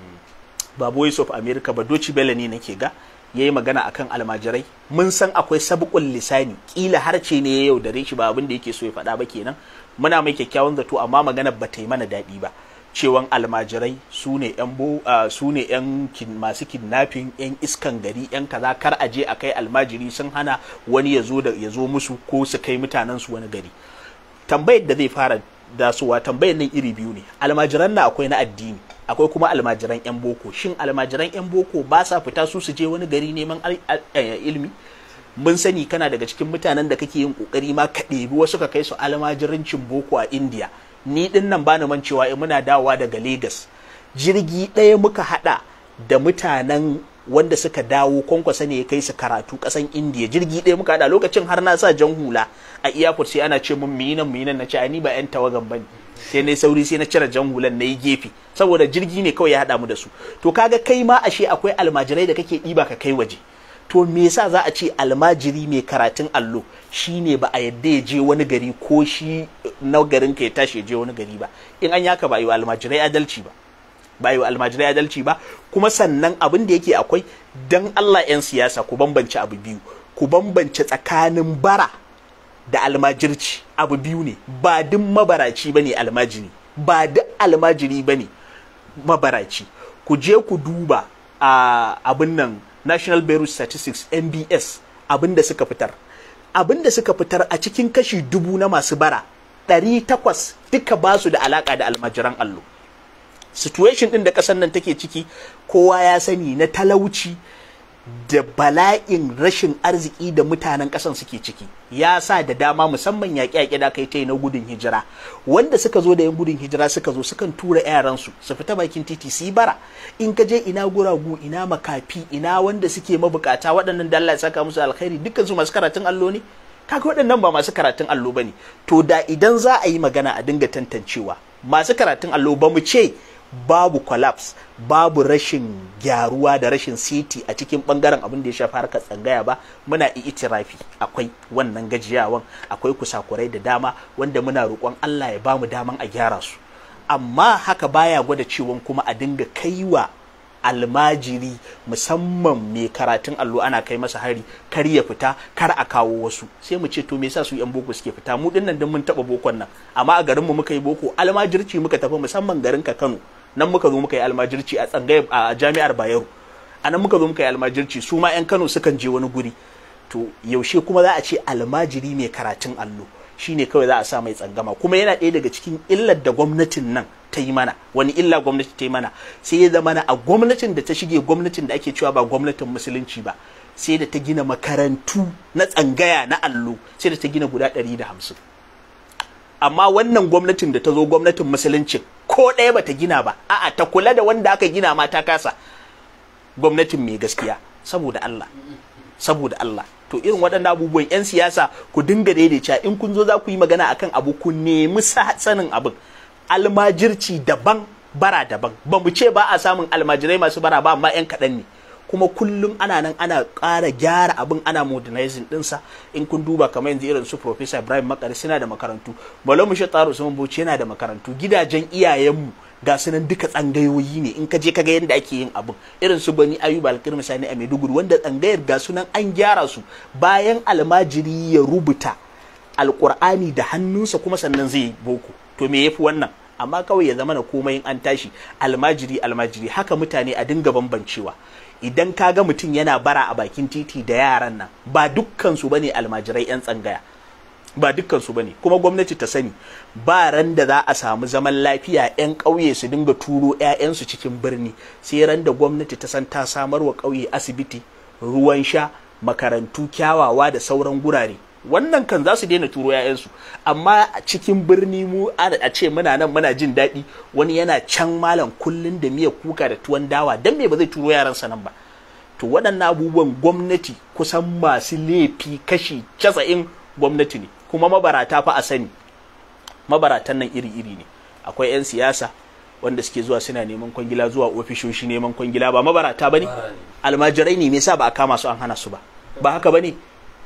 ba voice of america ba doci bela ne nake ga ya yi magana a kan almajirai mun san akwai sabukun lisani kila harce ne ya yaudare shi ba abin da yake so ya faɗa ba kenan muna mai kyakkyawan zato amma magana ba ta yi mana daɗi ba cewan almajirai su ne yan masu kidnapping yan iskan gari yan kaza kar a je a kai almajiri sun hana wani ya zo ya zo musu ko su kai mutanen su wani gari tambayar da zai fara dasowa tambayar nan iri biyu ne almajiran na akwai na addini akwai kuma almajiran yan boko shin almajiran yan boko ba sa fita su su je wani gari neman ilmi mun sani kana daga cikin mutanen da kake yin kokari ma ka ɗebi wasu ka kai su almajirancin boko a indiya ni din nan bani man cewa eh, muna dawowa daga Legas jirgi ɗaya muka hada da mutanen wanda suka dawo kwankwasa ne ya kai su karatu kasan indiya jirgi ɗaya muka hada lokacin har na sa jan hula a airport sai ana ce mun minan minan na ce ni ba yan tawagan bane sai na sauri sai na cire jan hulan na yi gefe saboda jirgi ne kawai ya hada mu da su to kaga kai ma ashe akwai almajirai da kake ɗiba ka kai waje to me yasa za a ce almajiri mai karatun allo shi ne ba a yadda ya je wani gari ko shi eh, na garin ka ya tashi ya je wani gari ba in an yaka ba yi wa almajirai adalci ba ba yi wa almajirai adalci ba kuma sannan abin da yake akwai dan Allah 'yan siyasa ku bambance abu biyu ku bambance tsakanin bara da almajirci abu biyu ne ba duk mabaraci bane almajiri ba duk almajiri bane mabaraci ku je ku duba a ah, abin nan National Bureau Statistics NBS abin suka fitar abin da suka fitar a cikin kashi dubu na masu bara ɗari takwas duka ba su da alaƙa da almajiran allo situation ɗin da ƙasar nan take ciki kowa ya sani na talauci da bala'in rashin arziki da mutanen ƙasan suke ciki ya sa da dama musamman yaƙe-yaƙe da kai ta yi na gudun hijira wanda suka zo da yan gudun hijira suka zo sukan tura yaransu su fita bakin titi su bara in ka je ina guragu ina makafi ina wanda suke mabukata waɗannan da Allah ya saka musu alkhairi dukkan su masu karatun allo ne kaga waɗannan ba masu karatun allo ba ne. to da idan za a yi magana a dinga tantancewa masu karatun allo ba mu ce babu collapse babu rashin gyaruwa da rashin city a cikin bangaren abin da ya shafi harkar tsangaya ba muna itirafi akwai wannan gajiyawan akwai kusakurai da dama wanda muna roƙon Allah ya bamu daman a gyara su amma haka baya gwada cewa kuma a dinga kaiwa almajiri musamman mai karatun allo ana kai masa hari kar ya fita kar a kawo wasu sai mu ce to me yasa su yan boko suke fita mu dinnan dan mun taba bokon nan amma a garin mu muka yi boko almajirci muka tafi musamman garin ka Kano nan muka zo muka yi almajirci a tsangayar a jami'ar bayero a nan muka zo muka yi almajirci su ma 'yan kano sukan je wani guri to yaushe kuma za a ce almajiri mai karatun allo shine kawai za a sa mai tsangama kuma yana ɗaya daga cikin illar da gwamnatin nan ta yi mana wani illa gwamnati ta yi mana sai ya zama a gwamnatin da ta shige gwamnatin da ake cewa ba gwamnatin musulunci ba sai da ta gina makarantu na tsangaya na allo sai da ta gina guda ɗari da hamsin amma wannan gwamnatin da ta zo gwamnatin musuluncin ko ɗaya bata gina ba a'a ta kula da wanda aka gina ma ta kasa gwamnatin mai gaskiya saboda Allah saboda Allah to irin waɗannan abubuwan 'yan siyasa ku dinga daidaita in kun zo za ku yi magana akan abu ku nemi sanin abin almajirci daban bara daban ba mu ce ba a samun almajirai masu bara ba amma 'yan kaɗan ne kuma kullum ana nan ana ƙara gyara abin ana modernizing ɗinsa in kun duba kamar yanzu irin su Professor Ibrahim Makari suna da makarantu mu Mushi Tsaro Usman Bauchi yana da makarantu gidajen iyayenmu ga su nan duka tsangayoyi ne in ka je ka ga yadda ake yin abin irin su Bani Ayuba Alkirmi Sani a Maiduguri wanda tsangayar ga su nan an gyara su bayan almajiri ya rubuta alkur'ani da hannunsa kuma sannan zai boko to me yafi wannan amma kawai ya zama na komai in an tashi almajiri almajiri haka mutane a dinga bambancewa idan ka ga mutum yana bara a bakin titi da yaran nan ba dukkan su bane almajirai yan tsangaya ba dukkan su bane kuma gwamnati ta sani ba ran da za a samu zaman lafiya yan ƙauye su dinga turo ƴaƴansu cikin birni sai ran da gwamnati ta san ta samarwa wa ƙauye asibiti ruwan sha makarantu kyawawa da sauran gurare wannan kan za su daina turo 'ya'yansu amma a cikin birni mu a ce muna nan muna jin daɗi wani yana can malam kullun da miya kuka da tuwon dawa dan me ba zai turo yaransa nan ba to waɗannan abubuwan gwamnati kusan masu laifi kashi casa'in gwamnati ne kuma mabarata fa a sani mabaratan nan iri-iri ne akwai 'yan siyasa wanda suke zuwa suna neman kwangila zuwa ofishoshi neman kwangila ba mabarata ba ne almajirai ne me yasa ba a kama su an hana su ba ba haka ba ne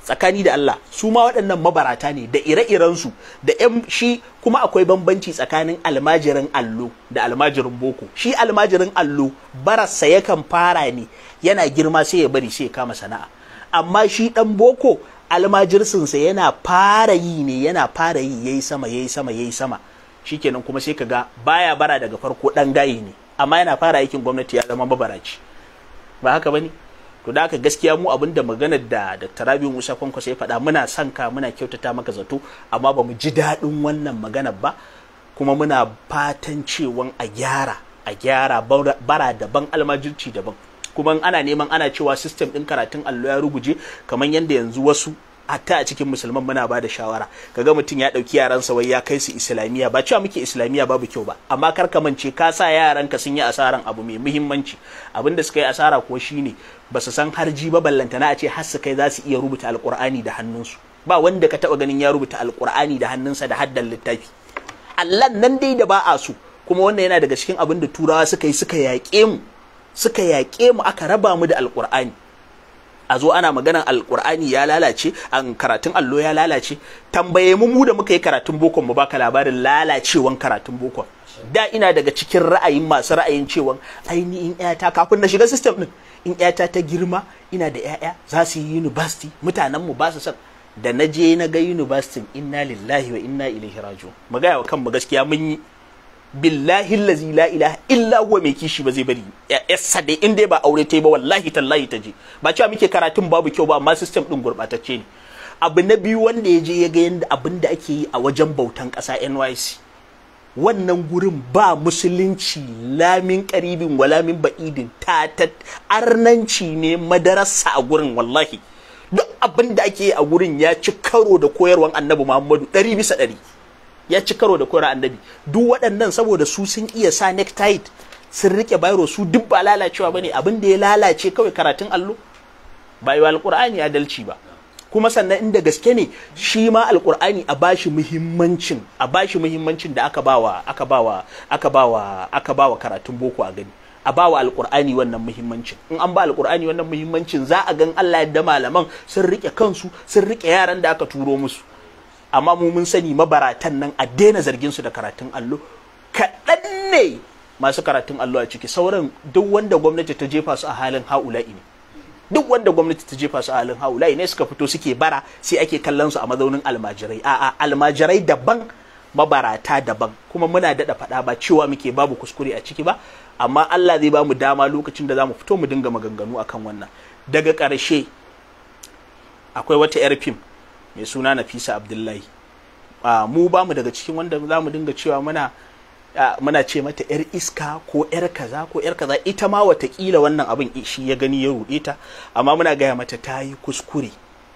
tsakani da Allah su ma waɗannan mabarata ne da ire-irensu da ƴan shi kuma akwai bambanci tsakanin almajirin allo da almajirin boko shi almajirin allo barasa yakan fara ne yana girma sai ya bari sai ya kama sana'a amma shi ɗan boko almajirsinsa yana fara yi ne yana fara yi yayi sama yayi sama yayi sama shikenan kuma sai kaga baya bara daga farko ɗan gayi ne amma yana fara aikin gwamnati ya zama mabaraci ba haka bane to da aka gaskiya mu abin da maganar da Dr. Rabiu Musa kwankwas ya faɗa muna son ka muna kyautata maka zato amma ba mu ji daɗin wannan maganar ba kuma muna fatan cewa a gyara a gyara bara daban almajirci daban kuma ana neman ana cewa sistem din karatun allo ya ruguje kamar yadda yanzu wasu hatta a cikin musulman muna ba da shawara kaga mutum ya ɗauki yaransa wai ya kai su islamiyya. ba cewa muke islamiyya babu kyau ba amma kar ka mance ka sa yaran ka sun yi asaran abu mai muhimmanci abin da suka yi asara ko shine ba su san harji ba ballantana a ce har su kai za su iya rubuta alkur'ani da hannunsu ba wanda ka taba ganin ya rubuta alkur'ani da hannunsa da haddan littafi Allan nan dai da ba a so kuma wannan yana daga cikin abin da turawa suka yi suka yaƙe mu suka yaƙe mu aka raba mu da alkur'ani a zo ana maganan alkur'ani ya lalace an karatun allo ya lalace tambaye mu mu da muka yi karatun bokon mu baka labarin lalacewan karatun bokon da ina daga cikin ra'ayin masu ra'ayin cewa ainihin ta kafin na shiga system din in yata ta girma ina da ƴaƴa za su yi university mutanen mu ba su san da naje na ga university inna lillahi wa inna ilaihi raji'un mu gaya wa kanmu gaskiya mun yi billahi lazi la ilaha illa huwa mai kishi ba zai bari Ya dai in dai ba aure ta yi ba wallahi tallahi ta je ba cewa muke karatun babu kyau ba amma system din gurbatacce ne abu na biyu wanda ya je ya ga yadda abin da ake yi a wajen bautan ƙasa NYC wannan gurin ba musulunci lamin karibin wa lamin ba'idin ta arnanci ne madarasa a gurin wallahi duk abin da ake yi a gurin ya ci karo da koyarwan annabi Muhammadu ɗari bisa ɗari ya ci karo da kora annabi duk waɗannan saboda su sun iya sa necktie sun rike bayro su duk ba lalacewa bane abin da ya lalace kawai karatun allo ba yi alqur'ani adalci ba kuma sannan inda gaske ne shi ma alqur'ani a bashi muhimmancin a bashi muhimmancin da aka bawa aka bawa aka bawa aka bawa karatun boko a gani a bawa alqur'ani wannan muhimmancin in an ba alkur'ani wannan muhimmancin za a gan Allah yadda malaman sun rike kansu sun rike yaran da aka turo musu amma mu mun sani mabaratan nan a daina zargin su da karatun allo kaɗan ne masu karatun allo a ciki sauran duk wanda gwamnati ta jefa su a halin haula'i ne duk wanda gwamnati ta jefa su a halin haula'i ne suka fito suke bara sai ake kallon su a mazaunin almajirai a'a almajirai daban mabarata daban kuma muna daɗa faɗa ba cewa muke babu kuskure a ciki ba amma Allah zai ba mu dama lokacin da za mu fito mu dinga maganganu akan wannan daga ƙarshe akwai wata 'yar fim mai suna nafisa abdullahi mu ba mu daga cikin wanda za mu dinga cewa muna ce mata yar iska ko yar kaza ko yar kaza ita ma watakila wannan abin shi ya gani ya ruɗe ta amma muna gaya mata ta yi kuskure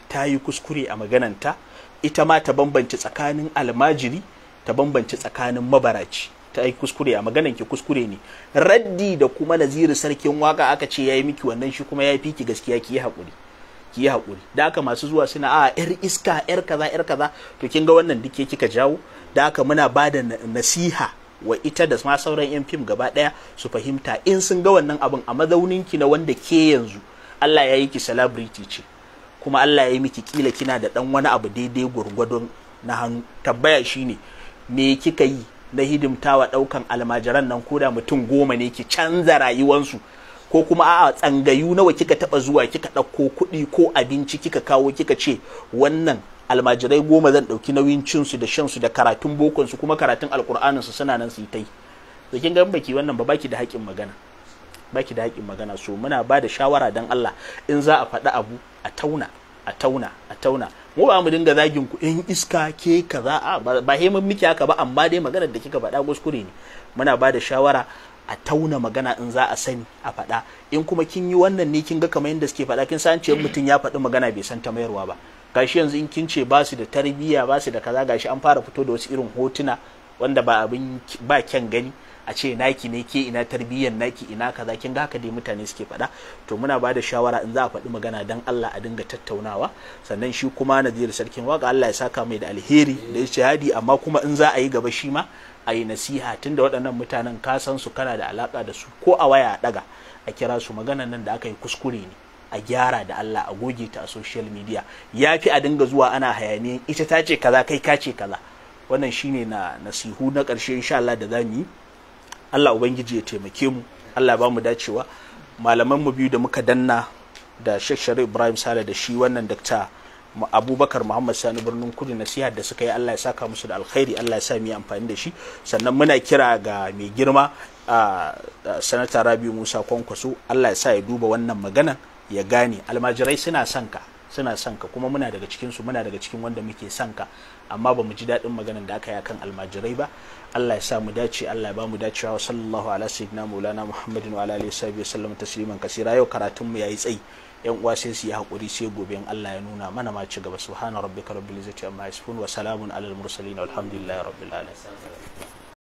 ta yi kuskure a magananta ita ma ta bambanci tsakanin almajiri ta bambanci tsakanin mabaraci ta yi kuskure a maganan ki kuskure ne raddi da kuma naziri sarkin waka aka ce ya yi miki wannan shi kuma ya fi ki gaskiya ki yi haƙuri ki yi haƙuri da aka masu zuwa suna a yar iska yar kaza yar kaza to kin ga wannan duke kika jawo da aka muna ba da nasiha wa ita da ma sauran yan fim gaba ɗaya su fahimta in sun ga wannan abun a mazaunin ki na wanda ke yanzu Allah ya yi ki celebrity ce kuma Allah ya yi miki kila kina da ɗan wani abu daidai gurgwadon na hannu tabbaya shine me kika yi na hidimtawa ɗaukan almajiran nan koda mutum goma ne ki canza rayuwansu ko kuma a'a tsangayu nawa kika taba zuwa kika ɗauko kuɗi ko abinci kika kawo kika ce wannan almajirai goma zan ɗauki nauyin cinsu da shansu da karatun bokonsu kuma karatun alkur'anin su suna nan su yi tai to kin ga baki wannan ba baki da haƙin magana baki da haƙin magana so muna ba da shawara dan Allah in za a faɗi abu a tauna a tauna a tauna mu ba mu dinga zagin ku in iska ke kaza a ba he miki haka ba amma dai maganar da kika faɗa guskure ne muna ba da shawara a tauna magana in za a sani a faɗa in kuma kin yi wannan ne kin ga kamar yadda suke faɗa kin san cewa mutum ya faɗi magana bai san ta mayarwa ba gashi yanzu in kin ce ba su da tarbiyya ba su da kaza gashi an fara fito da wasu irin hotuna wanda ba abin ba kyan gani a ce naki ne ke ina tarbiyyar naki ina kaza kin ga haka dai mutane suke faɗa to muna ba da shawara in za a faɗi magana dan Allah a dinga tattaunawa sannan shi kuma Nadir sarkin waka Allah ya saka mai da alheri da shahadi amma kuma in za a yi gaba shi ma a yi nasiha tunda waɗannan mutanen ka san su kana da alaka da su ko a waya a daga a kira su maganan nan da aka yi kuskure ne a gyara da Allah a goge ta a social media ya fi a dinga zuwa ana hayaniyan ita ta ce kaza kai ka ce kaza wannan shine na nasihu na ƙarshe insha Allah da zamu yi Allah ubangiji ya taimake mu Allah ba mu dacewa malaman mu biyu da muka danna da Sheikh Sharif Ibrahim Sale da shi wannan daktar abubakar muhammad sani birnin kudu nasiha da suka yi allah ya saka musu da alkhairi allah ya sa mu yi amfani da shi sannan muna kira ga mai girma a sanata rabi musa kwankwaso allah ya sa ya duba wannan magana ya gane almajirai suna sanka ka suna son kuma muna daga cikin su muna daga cikin wanda muke son ka amma ba mu ji daɗin maganan da aka yi akan almajirai ba Allah ya sa mu dace Allah ya ba mu dacewa wa sallallahu ala sayyidina maulana muhammadin wa ala alihi wa sallam tasliman kasira yau karatun mu yayi tsayi yan uwa sai su yi hakuri sai gobe in Allah ya nuna mana ma ci gaba subhana rabbika rabbil izzati amma yasifun wa salamun alal mursalin alhamdulillahi rabbil alamin